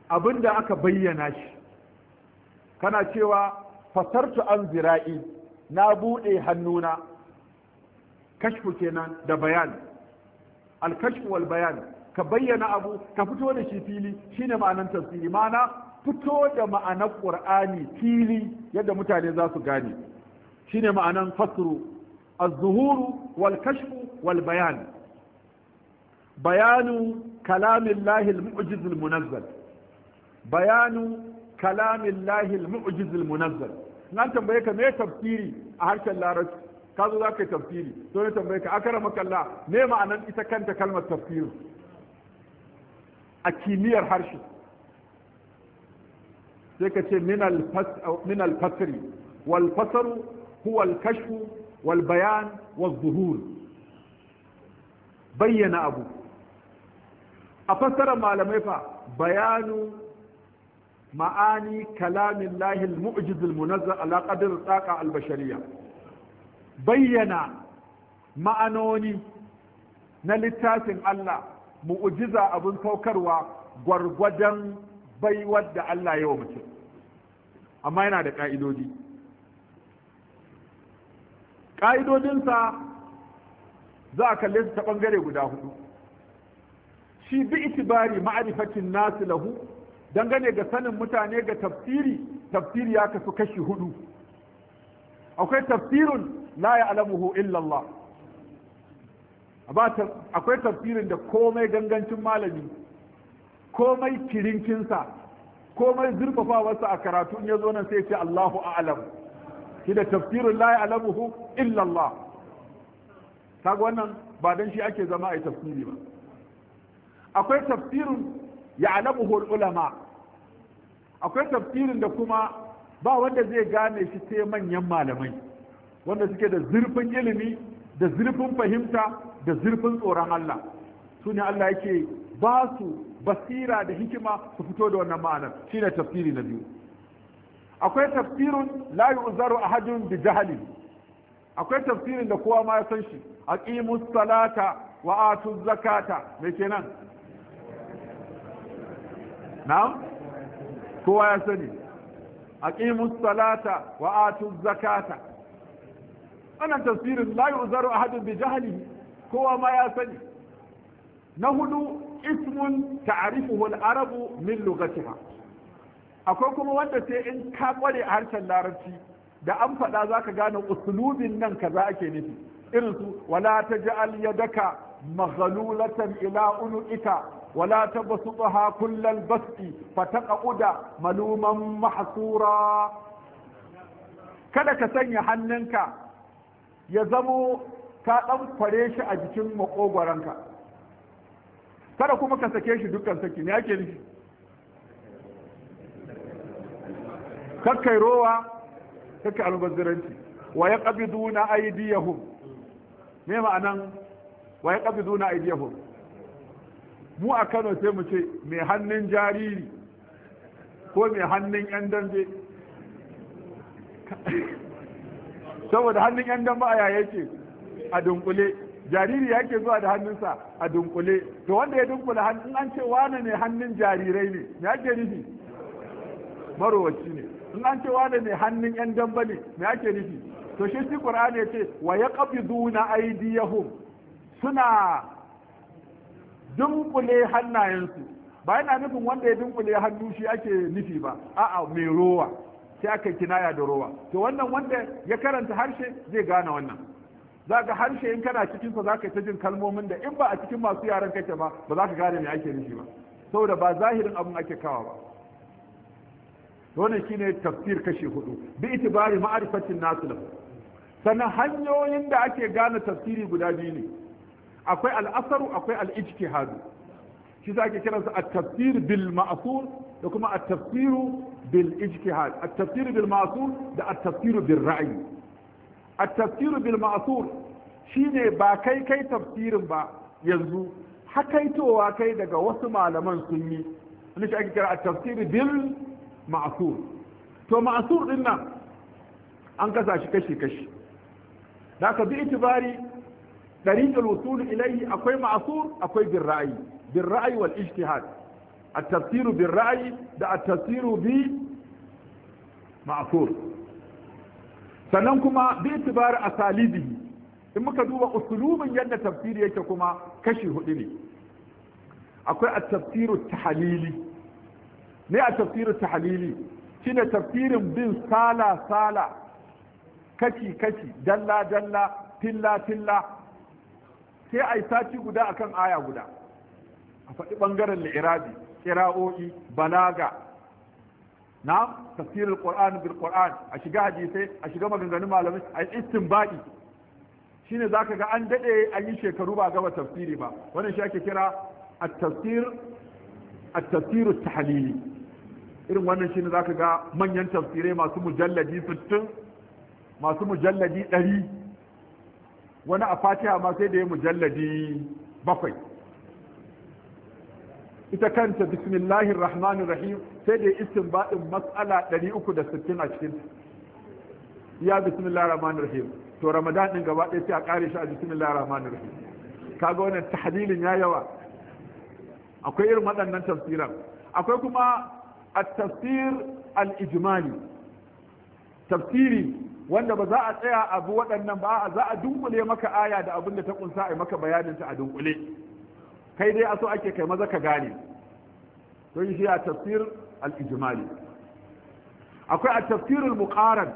abinda aka bayyana shi kana cewa fasartu an zira'i na bude hannuna kashfu kenan da bayani al-kashf wal bayan ka bayyana abu ka fito da shi fili shine ma'anar tafsiri mana fito da ma'anar qur'ani fili yadda mutane za su gane shine ma'anar fasru az-zuhuru wal kashf wal bayan bayanu kalamillahi al-mu'jiz al-munazzal bayanu kalamillahi al-mu'jiz al-munazzal nan tambaye ka me tafsiri a harshen larabci ka zo za ka yi tafsiri to ne tambaye ka akara makalla me ma'anan ita kanta kalmar tafsiri a kimiyyar harshe sai ka ce min alfasri wal fasaru huwa al kashfu wal bayan wal zuhur bayyana abu a fassara malamai fa bayanu ma'ani kalamin lahil mu'jizil munazzal ala qadr taqa al bashariyah bayyana ma'anoni na littafin Allah mu'ujiza abin saukarwa gwargwadon baiwar da Allah yi wa mutum amma yana da ƙa'idodi ƙa'idodinsa za a kalli su ta ɓangare guda hudu shi bi itibari ma'arifacin nasu lahu dangane ga sanin mutane ga tafsiri tafsiri ya kasu kashi hudu akwai tafsirin. la ya'lamuhu illa Allah akwai tafsirin da komai gangancin malami komai sa komai sa a karatu in ya zo nan sai ce Allahu a'lam shi da tafsirin la ya'lamuhu illa Allah kaga wannan ba dan shi ake zama a tafsiri ba akwai tafsirin ya'lamuhu ulama akwai tafsirin da kuma ba wanda zai gane shi sai manyan malamai wanda suke da zurfin ilimi da zurfin fahimta da zurfin tsoron Allah su ne Allah yake ba su basira da hikima su fito da wannan ma'anar ne tafsiri na biyu akwai tafsirin la yu'zaru ahadun bi jahli akwai tafsirin da kowa ma ya san shi aqimus salata wa atuz zakata me kenan na'am kowa ya sani aqimus salata wa atuz zakata wannan tasirin la yuzaru ahadun bi jahlihi kowa ma ya sani na hudu ismun ta'rifuhu arabu min lughatiha akwai kuma wanda sai in ka kware a harshen larabci da an faɗa zaka gane usulubin nan kaza ake nufi irin su wala taj'al yadaka maghlulatan ila unuka wala tabsutha kullal basti fataqauda maluman mahsura kada ka sanya hannunka ya zamo ka ɗan kware shi a jikin makogwaranka kada kuma ka sake shi dukkan saki ne ake nufi kakkai rowa kakkai albaziranci wa ya ƙabidu na aidiyahum me ma'anan wa ya ƙabidu na aidiyahum mu a kano sai mu ce mai hannun jariri ko mai hannun yan dambe saboda hannun yan dan baya yake a dunkule jariri yake zuwa da hannunsa a dunkule to wanda ya dunkula hannun an ce wane ne hannun jarirai ne me ake nufi marowaci ne in an ce wane ne hannun yan damba ne me ake nufi to shi shi qur'ani ya ce wa yaqbiduna aydiyahum suna dunkule hannayensu ba yana nufin wanda ya dunkule hannu shi ake nufi ba a'a mai rowa sai aka kinaya da rowa to wannan wanda ya karanta harshe zai gane wannan za ka harshe in kana cikin sa za ka ta jin kalmomin da in ba a cikin masu yaran kake ba ba za ka gane me ake nufi ba saboda ba zahirin abin ake kawa ba wannan shine tafsir kashi hudu bi itibari ma'rifatin nasu sannan hanyoyin da ake gane tafsiri guda biyu ne akwai al'asaru akwai al'ijtihadu shi za ke kiransa at-tafsir bil ma'thur da kuma at-tafsiru bil ijtihad a tafsir bil ma'sur da a tafsir bil ra'yi at-tafsir bil ma'sur shine ba kai kai tafsirin ba yanzu hakaitowa kai daga wasu malaman sun yi wani shi ake kira at-tafsir bil ma'sur to ma'asur din nan an kasa shi kashi kashi da ka bi itibari dariqul wusul ilayhi akwai ma'asur akwai bil ra'yi bil ra'yi wal ijtihad A tafsiru bin ra'yi da at-tafsiru bi ma'thur sannan kuma bi itibar asalibihi in muka duba usulubin yadda tafsiri yake kuma kashi hudu ne akwai at-tafsiru tahlili ne a tafsiru tahlili shine tafsirin bin sala sala kashi kashi dalla dalla tilla tilla sai yi sati guda akan aya guda a faɗi ɓangaren li'irabi kira'o'i balaga na tafsirul qur'an bil qur'an a shiga hadisai a shiga maganganun malamai a istinbadi shine zaka ga an daɗe an yi shekaru ba gaba tafsiri ba wannan shi ake kira at-tafsir at-tafsir at-tahlili irin wannan shine zaka ga manyan tafsirai masu mujalladi 60 masu mujalladi 100 wani a fatiha ma sai da ya mujalladi bakwai ita kanta bismillahir rahmanir rahim sai da istinbadin mas'ala 360 a cikin ya bismillahir rahmanir rahim to ramadan din gaba ɗaya sai a kare shi a bismillahir rahmanir rahim kaga wannan tahlilin ya yawa akwai irin waɗannan tafsiran akwai kuma at-tafsir al-ijmali tafsiri wanda ba za a tsaya abu waɗannan ba za a dunkule maka aya da abin da ta kunsa a maka bayanin ta a dunkule kai dai aso ake kai maza ka gane Don shi a tafsir al-ijmali akwai a tafsir al-muqaran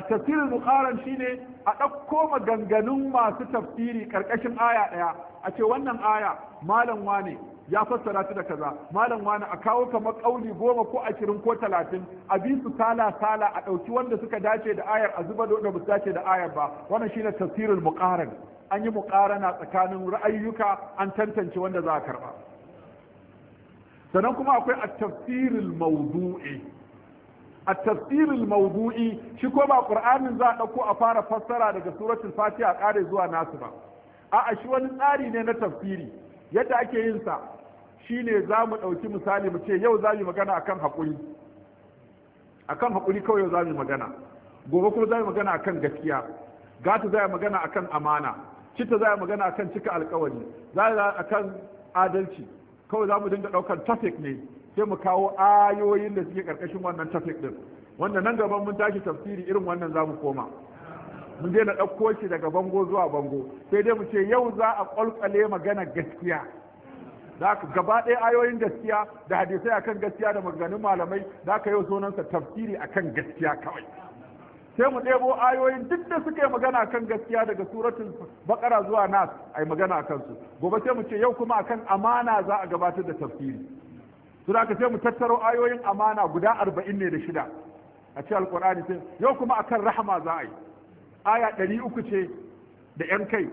a tafsir al-muqaran shine a ɗauko maganganun masu tafsiri karkashin aya ɗaya a ce wannan aya malam wane ya fassara shi da kaza malam wani a kawo kamar kauli goma ko ashirin ko talatin a bi su sala sala a ɗauki wanda suka dace da ayar a zuba da wanda ba dace da ayar ba wannan shine tafsirul muqaran an yi muqarana tsakanin ra'ayyuka an tantance wanda za a karba sannan kuma akwai at-tafsirul mawdu'i at-tafsirul mawdu'i shi ko ba qur'anin za a ɗauko a fara fassara daga suratul fatiha kare zuwa nasu ba a'a shi wani tsari ne na tafsiri yadda ake yin sa shine za mu ɗauki misali mu ce yau za mu magana akan haƙuri akan haƙuri kawai yau za mu magana gobe kuma za mu magana kan gaskiya gata za mu magana akan amana cita za mu magana akan cika alƙawari za mu akan adalci kawai za mu dinga ɗaukar tafik ne sai mu kawo ayoyin da suke ƙarƙashin wannan tafik ɗin wanda nan gaban mun tashi tafsiri irin wannan za mu koma mun daina ɗauko shi daga bango zuwa bango sai dai mu ce yau za a ƙwalƙwale magana gaskiya da aka gaba ɗaya ayoyin gaskiya da hadisai akan gaskiya da maganganun malamai da aka yau sunansa tafsiri akan gaskiya kawai sai mu ɗebo ayoyin duk da suka yi magana kan gaskiya daga suratun bakara zuwa nas ai magana a kansu gobe sai mu ce yau kuma akan amana za a gabatar da tafsiri su da sai mu tattaro ayoyin amana guda arba'in ne da shida a ce alkur'ani sai yau kuma akan rahama za a yi aya ɗari uku ce da yan kai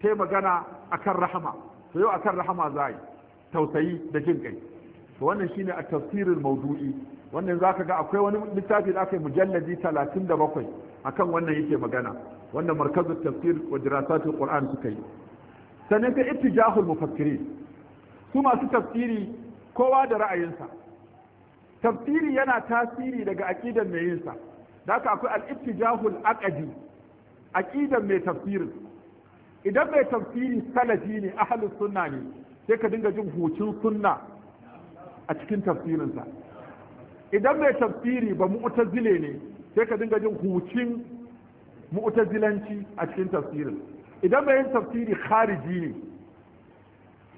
ta magana akan rahama to yau akan rahama za a yi tausayi da jin kai to wannan shine a tafsirin maudu'i wannan zaka ga akwai wani littafi da aka yi mujalladi 37 akan wannan yake magana wannan markazu tafsir wa dirasatul qur'an suka yi sannan sai ittijahul mufakkirin su masu tafsiri kowa da ra'ayinsa tafsiri yana tasiri daga aqidan mai yinsa da haka akwai al-ittijahul aqdi aqidan mai tafsirin idan mai tafsiri salafi ne ahlus sunna ne sai ka dinga jin hucin sunna a cikin tafsirinsa idan mai tafsiri ba mu'tazile ne sai ka dinga jin hucin mu'tazilanci a cikin tafsirin idan mai yin tafsiri khariji ne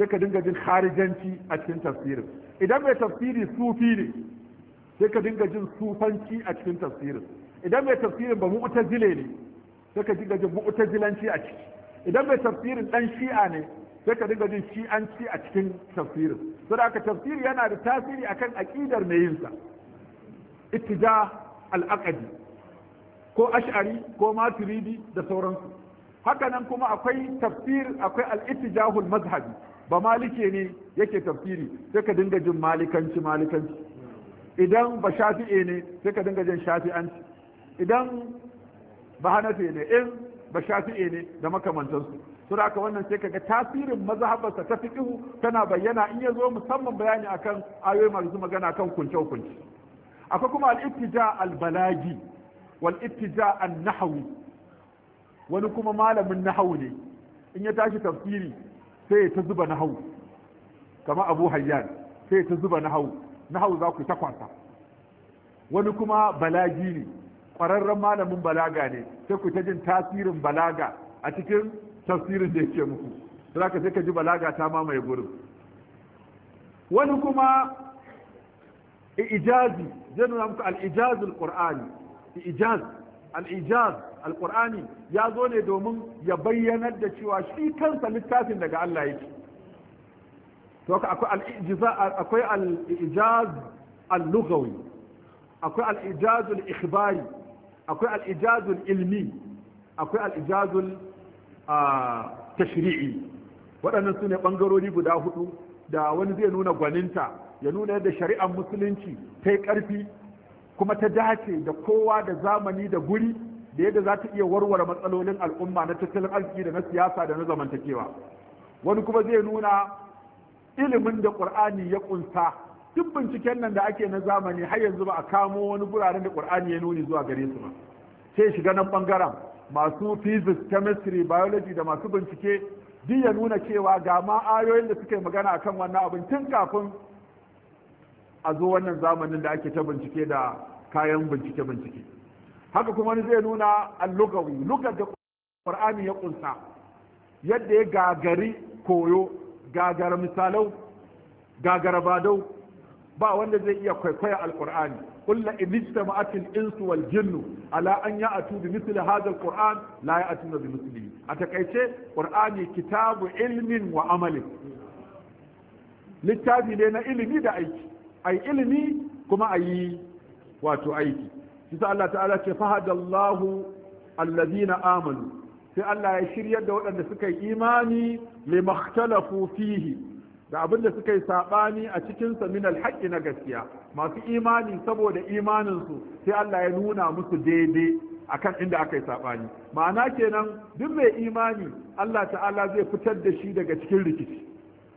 sai ka dinga jin kharijanci a cikin tafsirin idan mai tafsiri sufi ne sai ka dinga jin sufanci a cikin tafsirin idan mai tafsirin ba mu'tazile ne sai ka dinga jin mu'tazilanci a ciki idan mai tafsirin dan shi'a ne sai ka dinga jin shi an ci a cikin tafsirin da aka tafsiri yana da tasiri akan aqidar mai yinsa ittija al-aqdi ko ash'ari ko maturidi da sauransu haka nan kuma akwai tafsir akwai al-ittijahul mazhabi ba malike ne yake tafsiri sai ka dinga jin malikanci malikanci idan ba shafi'e ne sai ka dinga jin shafi'anci idan ba hanafi ne in ba shafi'e ne da makamantansu sura haka wannan sai kaga tasirin mazhabarsa ta fiqhu tana bayyana in yazo musamman bayani akan ayoyi masu magana kan kunce kunce akwai kuma al-ittija al-balagi wal ittija an-nahwi wani kuma malamin nahwu ne in ya tashi tafsiri sai ta zuba nahwu kamar Abu Hayyan sai ta zuba nahwu nahwu za ku takwasa wani kuma balagi ne ƙwararren malamin balaga ne sai ku ta jin tasirin balaga a cikin tafsirin da yake muku za ka sai ka ji balaga ta mamaye gurin wani kuma ijazi zai nuna muku al-ijaz al-qur'ani al-ijaz al-qur'ani ya zo ne domin ya bayyanar da cewa shi kansa littafin daga Allah yake to akwai al-ijaz akwai al-ijaz al-lughawi akwai al-ijaz al-ikhbari akwai al-ijaz al-ilmi akwai al-ijaz al a tashri'i waɗannan su ne ɓangarori guda hudu da wani zai nuna gwaninta ya nuna yadda shari'ar musulunci ta yi ƙarfi kuma ta dace da kowa da zamani da guri da yadda za ta iya warware matsalolin al'umma na tattalin arziki da na siyasa da na zamantakewa wani kuma zai nuna ilimin da ƙur'ani ya ƙunsa duk binciken nan da ake na zamani har yanzu ba a kamo wani guraren da ƙur'ani ya nuni zuwa gare su ba sai shiga nan ɓangaren masu physics chemistry biology da masu bincike duk ya nuna cewa ga ma ayoyin da suke magana akan wannan abin tun kafin a zo wannan zamanin da ake ta bincike da kayan bincike bincike haka kuma zai nuna allugawi lugar da qur'ani ya kunsa yadda ya gagari koyo gagara misalau gagara badau ba wanda zai iya kwaikwaya al-qur'ani قل إن اجتمعت الإنس والجن على أن يأتوا بمثل هذا القرآن لا يأتون بمثله أتكيت قرآن كتاب علم وعمل littafi ne na ilimi da aiki ai ilimi kuma a yi wato aiki kisa Allah ta'ala ce fahadallahu allazina amanu sai Allah ya shiryar da waɗanda suka yi imani limakhtalafu fihi da abin da suka yi saɓani a cikinsa min alhaƙi na gaskiya masu imani saboda imaninsu sai Allah ya nuna musu daidai akan inda aka yi saɓani ma'ana kenan duk mai imani Allah ta'ala zai fitar da shi daga cikin rikici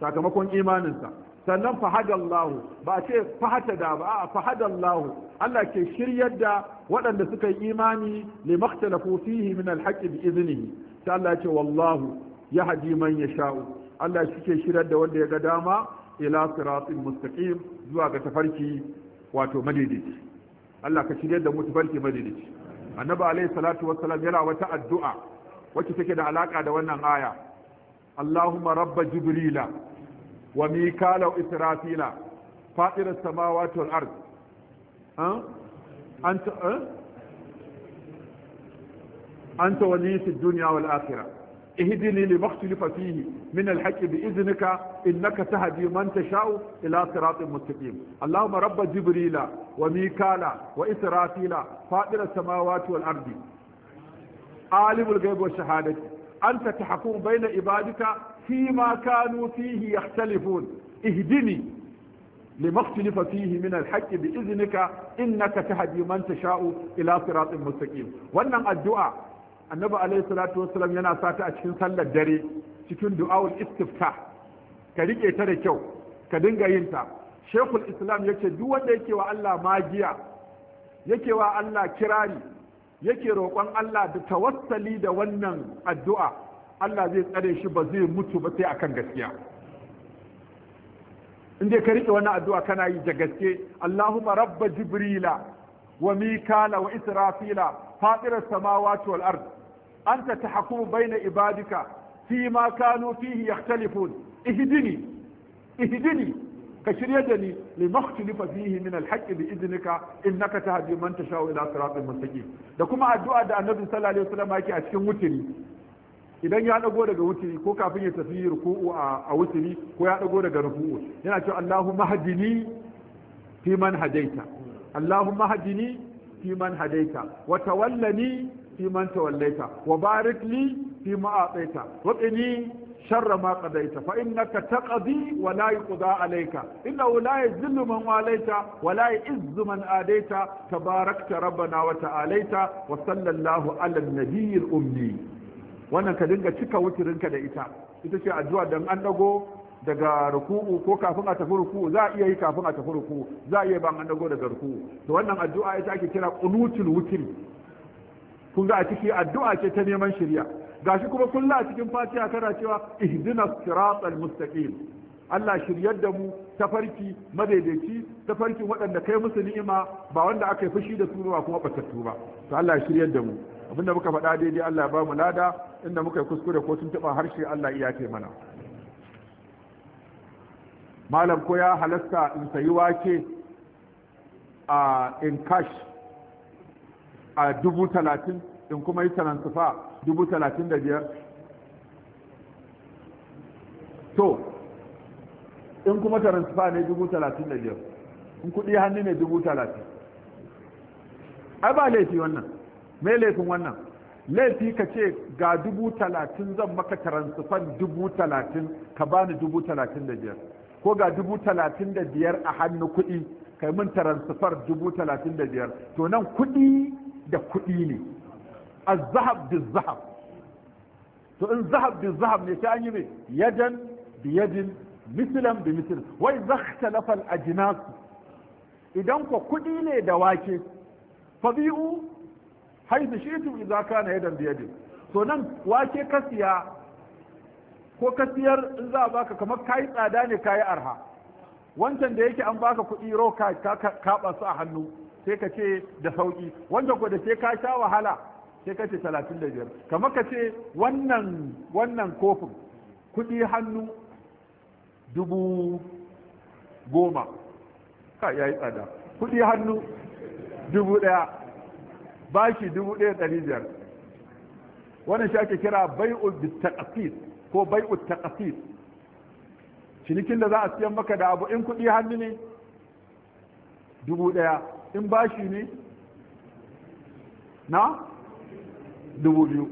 sakamakon imaninsa sannan fahadallahu ba ce fahata da ba a fahadallahu Allah ke shiryar da waɗanda suka yi imani li maktala fihi min alhaƙi bi iznihi sai Allah ya ce wallahu yahdi man yasha'u Allah shi ke shirar da wanda ya ga dama ila siratin mustaqim zuwa ga tafarki wato madidici Allah ka shiryar da mu tafarki madidici annabi alaihi salatu wassalam yana wata addu'a wacce take da alaka da wannan aya Allahumma rabba jibrila wa mikala wa israfila fatir as-samawati wal ard anta anta waliyyi ad-dunya wal akhirah اهدني لما اختلف فيه من الحق بإذنك إنك تهدي من تشاء إلى صراط مستقيم اللهم رب جبريل وميكالا وإسرافيل فاطر السماوات والأرض عالم الغيب والشهادة أنت تحكم بين عبادك فيما كانوا فيه يختلفون اهدني لما اختلف فيه من الحق بإذنك إنك تهدي من تشاء إلى صراط مستقيم وأن الدعاء annabi alaihi salatu wassalam yana sa ta a cikin sallar dare cikin du'a'ul istifta ka rike ta da kyau ka dinga yin ta shekul islam yace duk wanda yake wa Allah magiya yake wa Allah kirari yake roƙon Allah da tawassali da wannan addu'a Allah zai tsare shi ba zai mutu ba sai akan gaskiya inda ka rike wannan addu'a kana yi da gaske Allahumma rabba jibrila wa mikala wa israfila fatirar samawati wal ard anta tahkumu baina ibadika fi ma kanu fihi yakhtalifun ihdini ihdini ka shirya da ni li makhtalifa fihi min al haqq bi idnika innaka tahdi man tashau ila siratin mustaqim da kuma addu'a da annabi sallallahu alaihi yake a cikin wutiri idan ya dago daga wutiri ko kafin ya tafi ruku'u a wutiri ko ya dago daga ruku'u yana cewa Allahumma hadini fi man hadaita Allahumma hadini fi man hadaita wa tawallani fi man tawallaita wa barik li fi ma ataita wa qini sharra ma qadaita fa innaka taqdi wa la yuqda alayka innahu adaita Ta barakta wa ta'alaita wa sallallahu ala an-nabiyil ummi wannan ka dinga cika wuturinka da ita ita ce addu'a dan an ɗago. daga ruku'u ko kafin a tafi ruku'u za a iya yi kafin a tafi ruku'u za a iya ban an dago daga ruku'u to wannan addu'a ita ake kira qunutul witri kun ga a ciki addu'a ce ta neman shari'a gashi kuma kullu a cikin fatiha kana cewa ihdinas siratal mustaqim Allah shiryar da mu ta farki madaidaici ta farki waɗanda kai musu ni'ima ba wanda aka yi fushi da su ba kuma batattu ba to Allah shiryar da mu abinda muka faɗa daidai Allah ya ba mu lada inda muka yi kuskure ko tun taɓa harshe Allah iya ce mana malam ko ya halasta in sayi wake a in cash a dubu talatin in kuma yi taransifa dubu talatin da biyar to in kuma taransifa ne dubu talatin da biyar in kuɗi hannu ne dubu talatin ai ba laifi wannan mai laifin wannan laifi ka ce ga dubu talatin zan maka taransifan dubu talatin ka bani dubu talatin da biyar ko ga dubu talatin da biyar a hannu kuɗi kai mun taransifar dubu talatin da biyar to nan kuɗi da kuɗi ne a zahab da zahab to in zahab da zahab ne sai an yi mai yadan da yadin misilan da misil wai zakta lafal ajinasu idan ko kuɗi ne da wake fabi'u haizu shi tu kana yadan da yadin to nan wake ka siya ko ka siyar in za a baka kamar ka yi tsada ne ka yi arha wancan da yake an baka kuɗi ro ka kaɓa su a hannu sai ka ce da sauƙi wanda ko da ce ka sha wahala sai ka ce talatin da biyar kamar ka ce wannan wannan kofin kuɗi hannu dubu goma ka ya yi tsada kuɗi hannu dubu ɗaya bashi dubu ɗaya ɗari biyar wannan shi ake kira bai'ul bitaqsis ko bai'ut ƙasir. cinikin da za a siyan maka da abu in kuɗi hannu ne dubu ɗaya in bashi ne na dubu biyu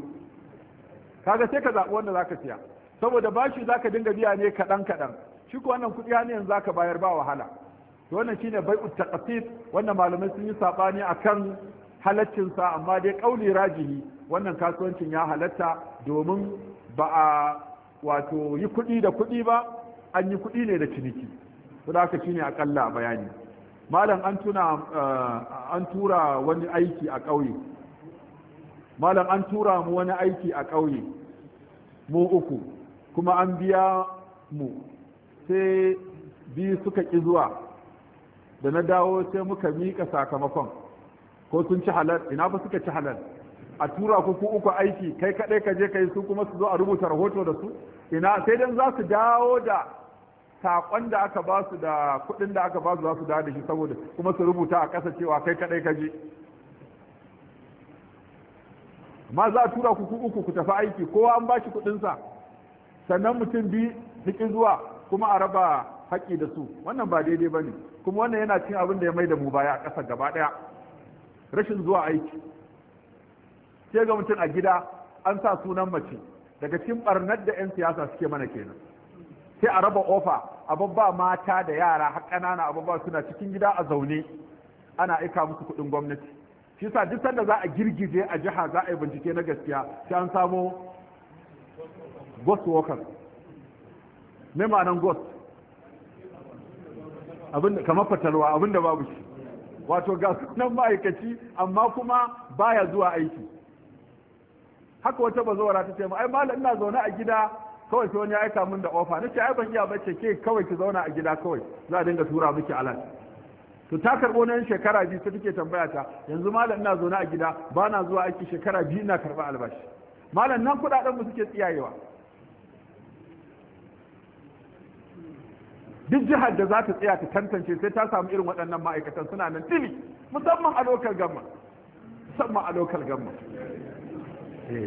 kaga sai ka zaɓi wanda za ka siya saboda bashi za ka dinga biya ne kaɗan kaɗan shi ko wannan kuɗi hannu yanzu za ka bayar ba wahala to wannan shine bai'ut ƙasir, wannan malamai sun yi saɓani akan halaccinsa amma dai ƙauli rajihi wannan kasuwancin ya halatta domin ba a wato yi kuɗi da kuɗi ba an yi kuɗi ne da ciniki su da haka ne akalla a bayani malam an tuna eh, an tura wani aiki a ƙauye malam an tura mu wani aiki a ƙauye mu uku kuma an biya mu sai biyu suka ƙi zuwa da na dawo sai muka miƙa sakamakon ko sun ci halal ina ba suka ci halal a tura ku ku uku aiki kai kaɗai ka je kai su kuma su zo a rubuta rahoto da su ina sai dan za su dawo da saƙon da aka ba su da kuɗin da aka ba su za su dawo da shi saboda kuma su rubuta a ƙasa cewa kai kaɗai ka je ma za a tura ku uku ku tafi aiki kowa an ba shi kuɗinsa sannan mutum bi hikin zuwa kuma a raba haƙƙi da su wannan ba daidai ba ne kuma wannan yana cin abin da ya mai da mu baya a ƙasa gaba ɗaya rashin zuwa aiki sai ga mutum a gida an sa sunan mace daga cikin barnar da 'yan siyasa suke mana kenan sai a raba ofa abin ba mata da yara har ƙanana abin suna cikin gida a zaune ana aika musu kuɗin gwamnati shi sa duk sanda za a girgije a jiha za a yi bincike na gaskiya sai an samo ghost worker me ma'anan ghost abin kamar fatalwa abin da babu shi wato ga sunan ma'aikaci amma kuma baya zuwa aiki haka wata bazawara ta ce ai malam ina zaune a gida kawai sai wani ya aika min da ofa nace ai ban iya bace ke kawai ki zauna a gida kawai za a dinga tura miki alat to ta karbo nan shekara biyu ta take tambaya ta yanzu malam ina zaune a gida ba na zuwa aiki shekara biyu ina karba albashi malam nan kudaden mu suke tsiyayewa duk jihar da za ta tsaya ta tantance sai ta samu irin waɗannan ma'aikatan suna nan tili musamman a lokal gamma musamman a lokal gamma Eh.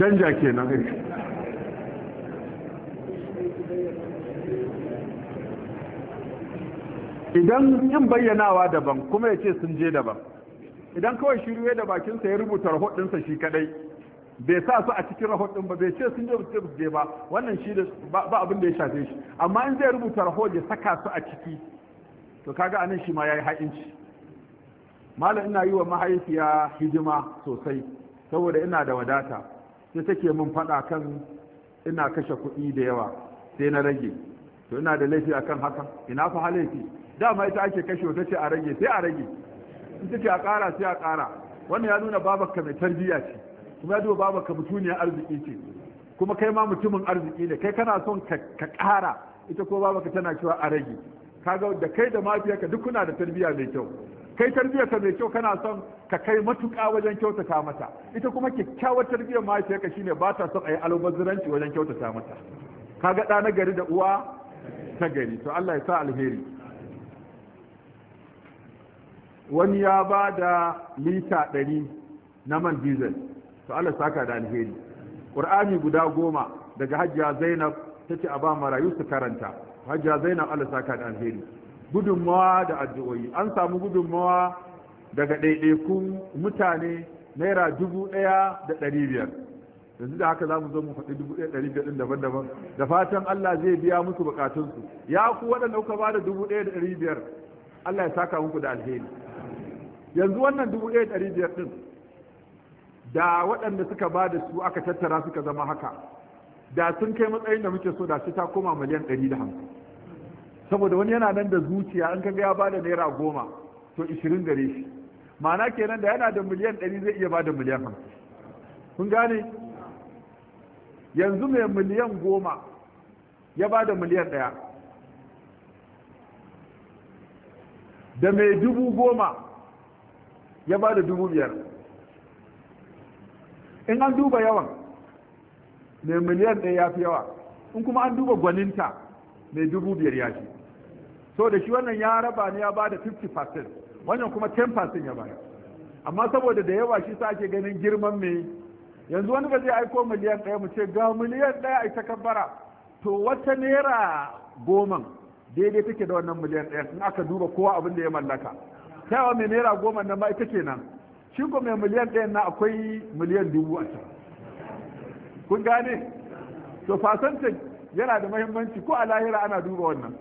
danja kenan eh. idan yin bayyanawa daban kuma ya ce sun je daban idan kawai shirye da bakinsa ya rubuta rahoɗinsa shi kadai bai sa su a cikin rahoɗin ba bai ce sun je su je ba wannan shi da ba abin da ya shafe shi amma in zai rubuta rahoɗi saka su a ciki to kaga anan shi ma yayi ha'inci malam ina yi wa mahaifiya hijima sosai saboda ina da wadata sai take min faɗa kan ina kashe kuɗi da yawa sai na rage to ina da laifi akan haka ina fa laifi dama ita ake kashe ta ce a rage sai a rage in take a ƙara sai a ƙara wannan ya nuna babarka mai tarbiyya ce kuma ya duba babarka mutuniyar arziki ce kuma kai ma mutumin arziki ne kai kana son ka ƙara ita ko babarka tana cewa a rage kaga da kai da mafiyarka duk kuna da tarbiyya mai kyau kai tarbiyyar ka mai kyau kana son ka kai matuƙa wajen kyautata mata ita kuma kyakkyawar tarbiyyar mahaifiyarka shine ba ta son a yi almubazziranci wajen kyautata mata kaga ɗa na gari da uwa ta gari to Allah ya sa alheri wani ya ba da lita ɗari na man diesel to Allah saka da alheri ƙur'ani guda goma daga hajiya zainab ta ce a ba marayu su karanta hajiya zainab Allah saka da alheri gudunmawa da addu'o'i an samu gudunmawa daga ɗaiɗaikun mutane naira dubu ɗaya da ɗari biyar yanzu da haka za mu zo mu faɗi dubu ɗaya ɗari biyar ɗin daban-daban da fatan Allah zai biya musu buƙatunsu ya ku waɗanda kuka ba da dubu ɗaya da ɗari biyar Allah ya saka muku da alheri yanzu wannan dubu ɗaya ɗari biyar ɗin da waɗanda suka ba da su aka tattara suka zama haka da sun kai matsayin da muke so da shi ta koma miliyan ɗari da hamsin saboda wani yana nan da zuciya an kaga ya bada naira goma to ishirin gare shi ma'ana kenan da yana da miliyan ɗari zai iya bada miliyan hamsin kun gane yanzu mai miliyan goma ya bada miliyan ɗaya da mai dubu goma ya bada dubu biyar in an duba yawan mai miliyan ɗaya ya fi yawa in kuma an duba gwaninta mai dubu biyar ya fi so da shi wannan ya raba ne ya ba da 50% wannan kuma 10% ya bayar amma saboda da yawa shi sake ganin girman me yanzu wani ba zai aiko miliyan ɗaya mu ce ga miliyan ɗaya a ita kabbara to wata naira goman daidai take da wannan miliyan ɗaya in aka duba kowa abin da ya mallaka yawa mai naira goman nan ma ita kenan shi ko mai miliyan ɗaya na akwai miliyan dubu a can kun gane to fasanta yana da mahimmanci ko a lahira ana duba wannan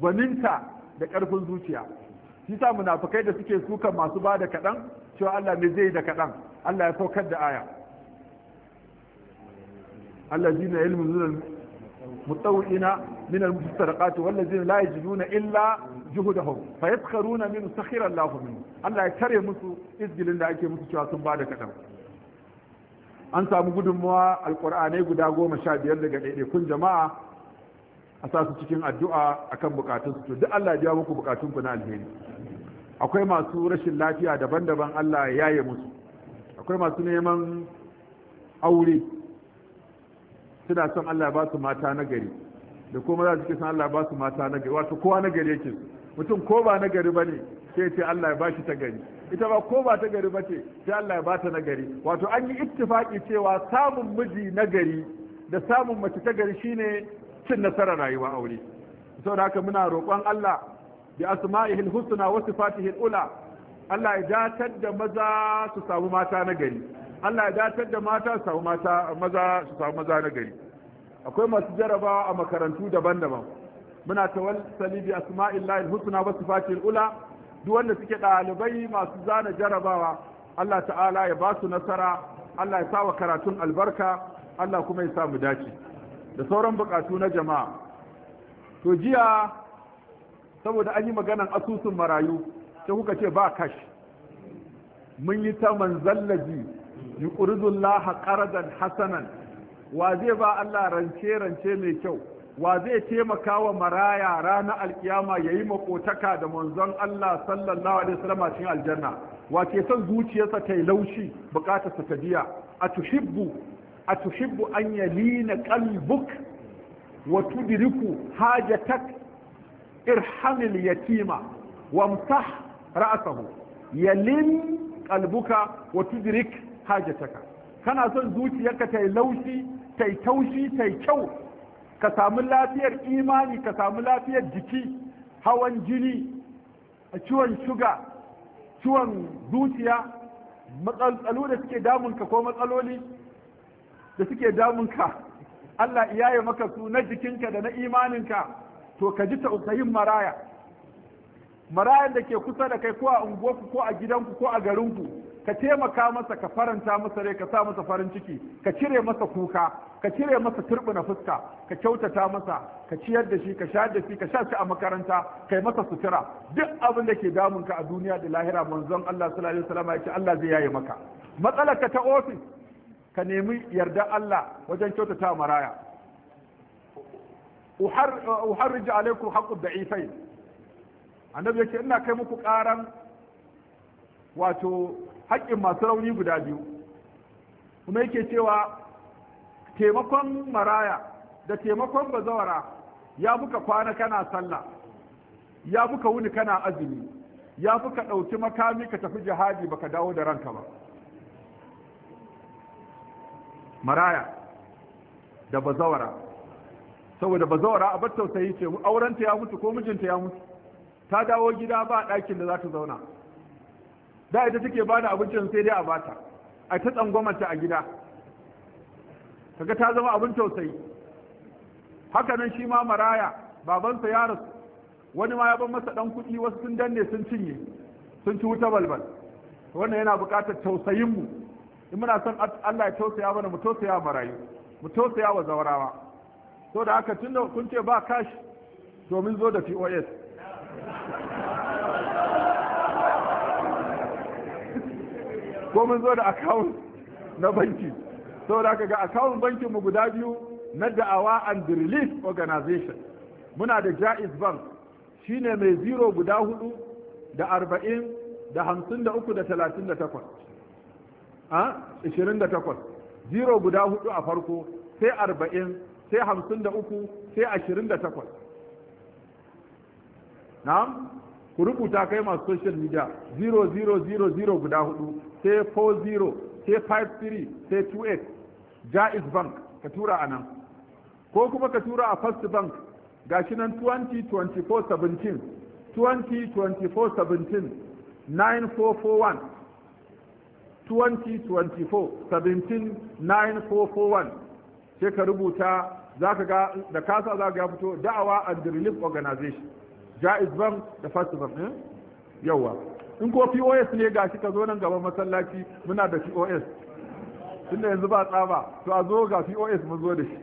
gwaninta da ƙarfin zuciya shi sa munafikai da suke sukan masu ba da kaɗan cewa Allah ne zai da kaɗan Allah ya saukar da aya Allah na ilmin zunan mutawina min al-mustaqat wal la yajiduna illa juhudahum fa yaskharuna min sakhira Allah min Allah ya tare musu izgilin da ake musu cewa sun ba da kaɗan an samu gudunmawa alƙur'anai guda goma sha biyar daga ɗaiɗaikun jama'a a sa su cikin addu'a akan kan su to duk Allah ya biya muku bukatunku na alheri akwai masu rashin lafiya daban-daban Allah ya yaye musu akwai masu neman aure suna son Allah ba su mata na gari da kuma za su ke son Allah ba su mata na gari wato kowa na gari yake mutum ko ba na gari bane sai ce Allah ya ba shi ta gari ita ba ko ba ta gari bace sai Allah ya ba ta na gari wato an yi ittifaki cewa samun miji na gari da samun mace ta gari shine cin nasarar rayuwa aure saboda haka muna roƙon Allah bi asma'ihil husna wa sifatihil ula Allah ya datar da maza su samu mata na gari Allah ya datar da mata su samu mata maza su samu maza na gari akwai masu jarabawa a makarantu daban-daban muna tawassali bi asma'illahil husna wa sifatihil ula duk wanda suke ɗalibai masu zana jarabawa Allah ta'ala ya ba su nasara Allah ya sa wa karatun albarka Allah kuma ya sa mu dace da sauran bukatu na jama'a to jiya saboda an yi maganan asusun marayu sai kuka ce ba kash mun yi ta manzallaji yuqridul laha ƙaradan hasanan wa zai ba Allah rance rance mai kyau wa zai taimaka wa maraya ranar alkiyama yayi makotaka da manzon Allah sallallahu alaihi wasallam cikin aljanna wa ke son zuciyarsa ta laushi bukatarsa ta biya a tuhibbu a tuhibbu an yalina qalbuk wa tudriku hajatak irhamil yatima wamsah ra'sahu yalin qalbuka wa tudrik hajataka kana son zuciyarka ta laushi ta taushi ta kyau ka samu lafiyar imani ka samu lafiyar jiki hawan jini ciwon shuga ciwon zuciya matsalolu da suke damunka ko matsaloli da suke damunka Allah yi maka su na jikinka da na imaninka to ka ji tausayin maraya marayan da ke kusa da kai ko a unguwarku ko a gidanku ko a garinku ka taimaka masa ka faranta masa rai ka sa masa farin ciki ka cire masa kuka ka cire masa turbina fuska ka kyautata masa ka ciyar da shi ka shayar da shi ka sha shi a makaranta ka yi masa sutura duk abin da ke damunka a duniya da lahira manzon Allah sallallahu alaihi wasallam ya ce Allah zai yaye maka matsalar ka ta ofis ka nemi yarda Allah wajen kyautata maraya uharriju haƙu da da'ifai annabi yake ina kai muku ƙaran, wato haƙƙin masu rauni guda biyu kuma yake cewa taimakon maraya da taimakon bazawara ya muka kwana kana sallah ya muka wuni kana azumi ya buka ɗauki makami ka tafi jihadi baka dawo da ranka ba maraya da bazawara saboda bazawara a bar tausayi ce aurenta ya mutu ko mijinta ya mutu ta dawo gida ba ɗakin da za ta zauna da ita take ba da abincin sai dai a bata a ta tsangwamanta a gida kaga ta zama abin tausayi haka nan shi ma maraya babansa ya rasu wani ma ya ban masa ɗan kuɗi wasu sun danne sun cinye sun ci wuta balbal wannan yana buƙatar tausayin mu in muna son Allah ya tausaya mana mu tausaya marayu mu tausaya wa zawarawa to da haka tunda kun ce ba cash domin zo da POS [laughs] ko mun zo da account na banki to da haka ga account bankin mu guda biyu na da'awa and relief organization muna da Jaiz Bank shine mai zero guda hudu da arba'in da hamsin da uku da talatin da takwas 28 zero guda hudu a farko sai 40 sai 53 sai 28 na ku rubuta kai masu social media 0000 guda hudu sai 40 sai 53 sai 28 jaiz bank ka tura a nan ko kuma ka tura a first bank ga shi nan 20 24 17 20 24 17 9441 2024 1794441 sai ka rubuta za ka ga da kasa za ka ya fito da'awa and relief organization jaiz bank da first bank ɗin eh? yawa in ko pos ne ga shi ka zo nan gaban masallaci muna da pos tun da yanzu ba tsaba to a zo ga pos mun zo da shi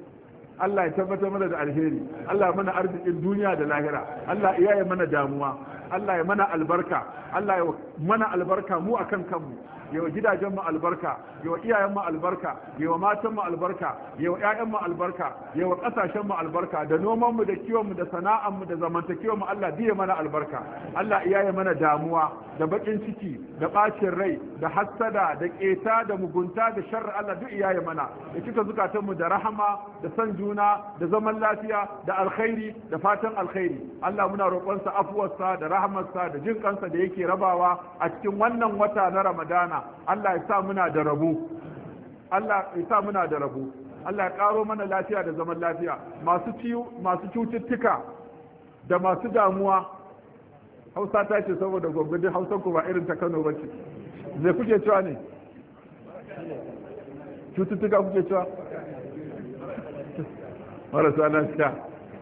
Allah ya tabbatar mana da alheri Allah mana arzikin duniya da lahira Allah iyaye mana damuwa Allah ya mana albarka Allah ya mana albarka mu akan kanmu yawa gidajen mu albarka yawa iyayen mu albarka yawa matan mu albarka yawa 'ya'yan mu albarka yawa ƙasashen mu albarka da nomanmu, da kiwonmu, da sana'anmu, mu da zamantakewar Allah biye mana albarka Allah iyaye mana damuwa da baƙin ciki da ɓacin rai da hassada da ƙeta da mugunta da sharri Allah duk iyaye mana da cika zukatanmu da rahama da san juna da zaman lafiya da alkhairi da fatan alkhairi Allah muna roƙonsa afuwarsa da rahamarsa da jin kansa da yake rabawa a cikin wannan wata na ramadana Allah ya sa muna da rabo Allah ya sa muna da rabo Allah ya karo mana lafiya da zaman lafiya masu ciwo masu cututtuka da masu damuwa Hausa ta ce saboda gwagwadin Hausa ku ba irin ta Kano ba ce Zai kuke cewa ne cututtuka kuke cewa marasa lafiya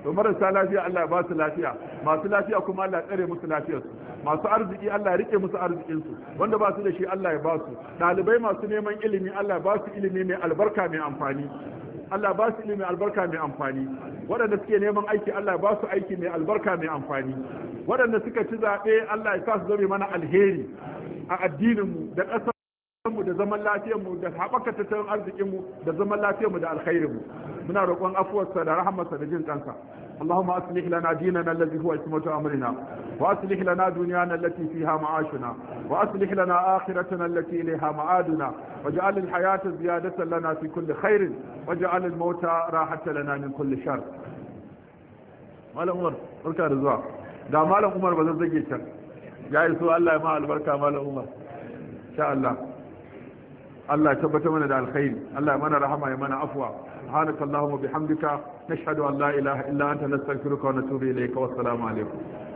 to marasa lafiya Allah ba su lafiya masu lafiya kuma Allah tsare musu lafiyarsu masu arziki Allah ya rike musu arzikinsu wanda ba su da shi Allah ya ba su ɗalibai masu neman ilimi Allah ba su ilimi mai albarka mai amfani Allah ba su ilimi albarka mai amfani waɗanda suke neman aiki Allah ba su aiki mai albarka mai amfani waɗanda suka ci zaɓe Allah ya sa su zame mana alheri a addininmu da ƙasarmu da zaman lafiyarmu da haɓaka tattalin arzikinmu da zaman lafiyarmu da alkhairinmu من roƙon afuwarsa da rahamarsa da jin kansa اللهم اصلح لنا ديننا الذي هو اسمة امرنا واصلح لنا دنيانا التي فيها معاشنا واصلح لنا اخرتنا التي اليها معادنا واجعل الحياة زيادة لنا في كل خير واجعل الموت راحة لنا من كل شر مالا عمر بركة رزوة دا مالا عمر بذل زجي شر جاي سؤال الله ما البركة مالا عمر شاء الله الله يتبت من الخير الله يمنى رحمه يمنى افوه سبحانك اللهم وبحمدك نشهد أن لا إله إلا أنت نستغفرك ونتوب إليك والسلام عليكم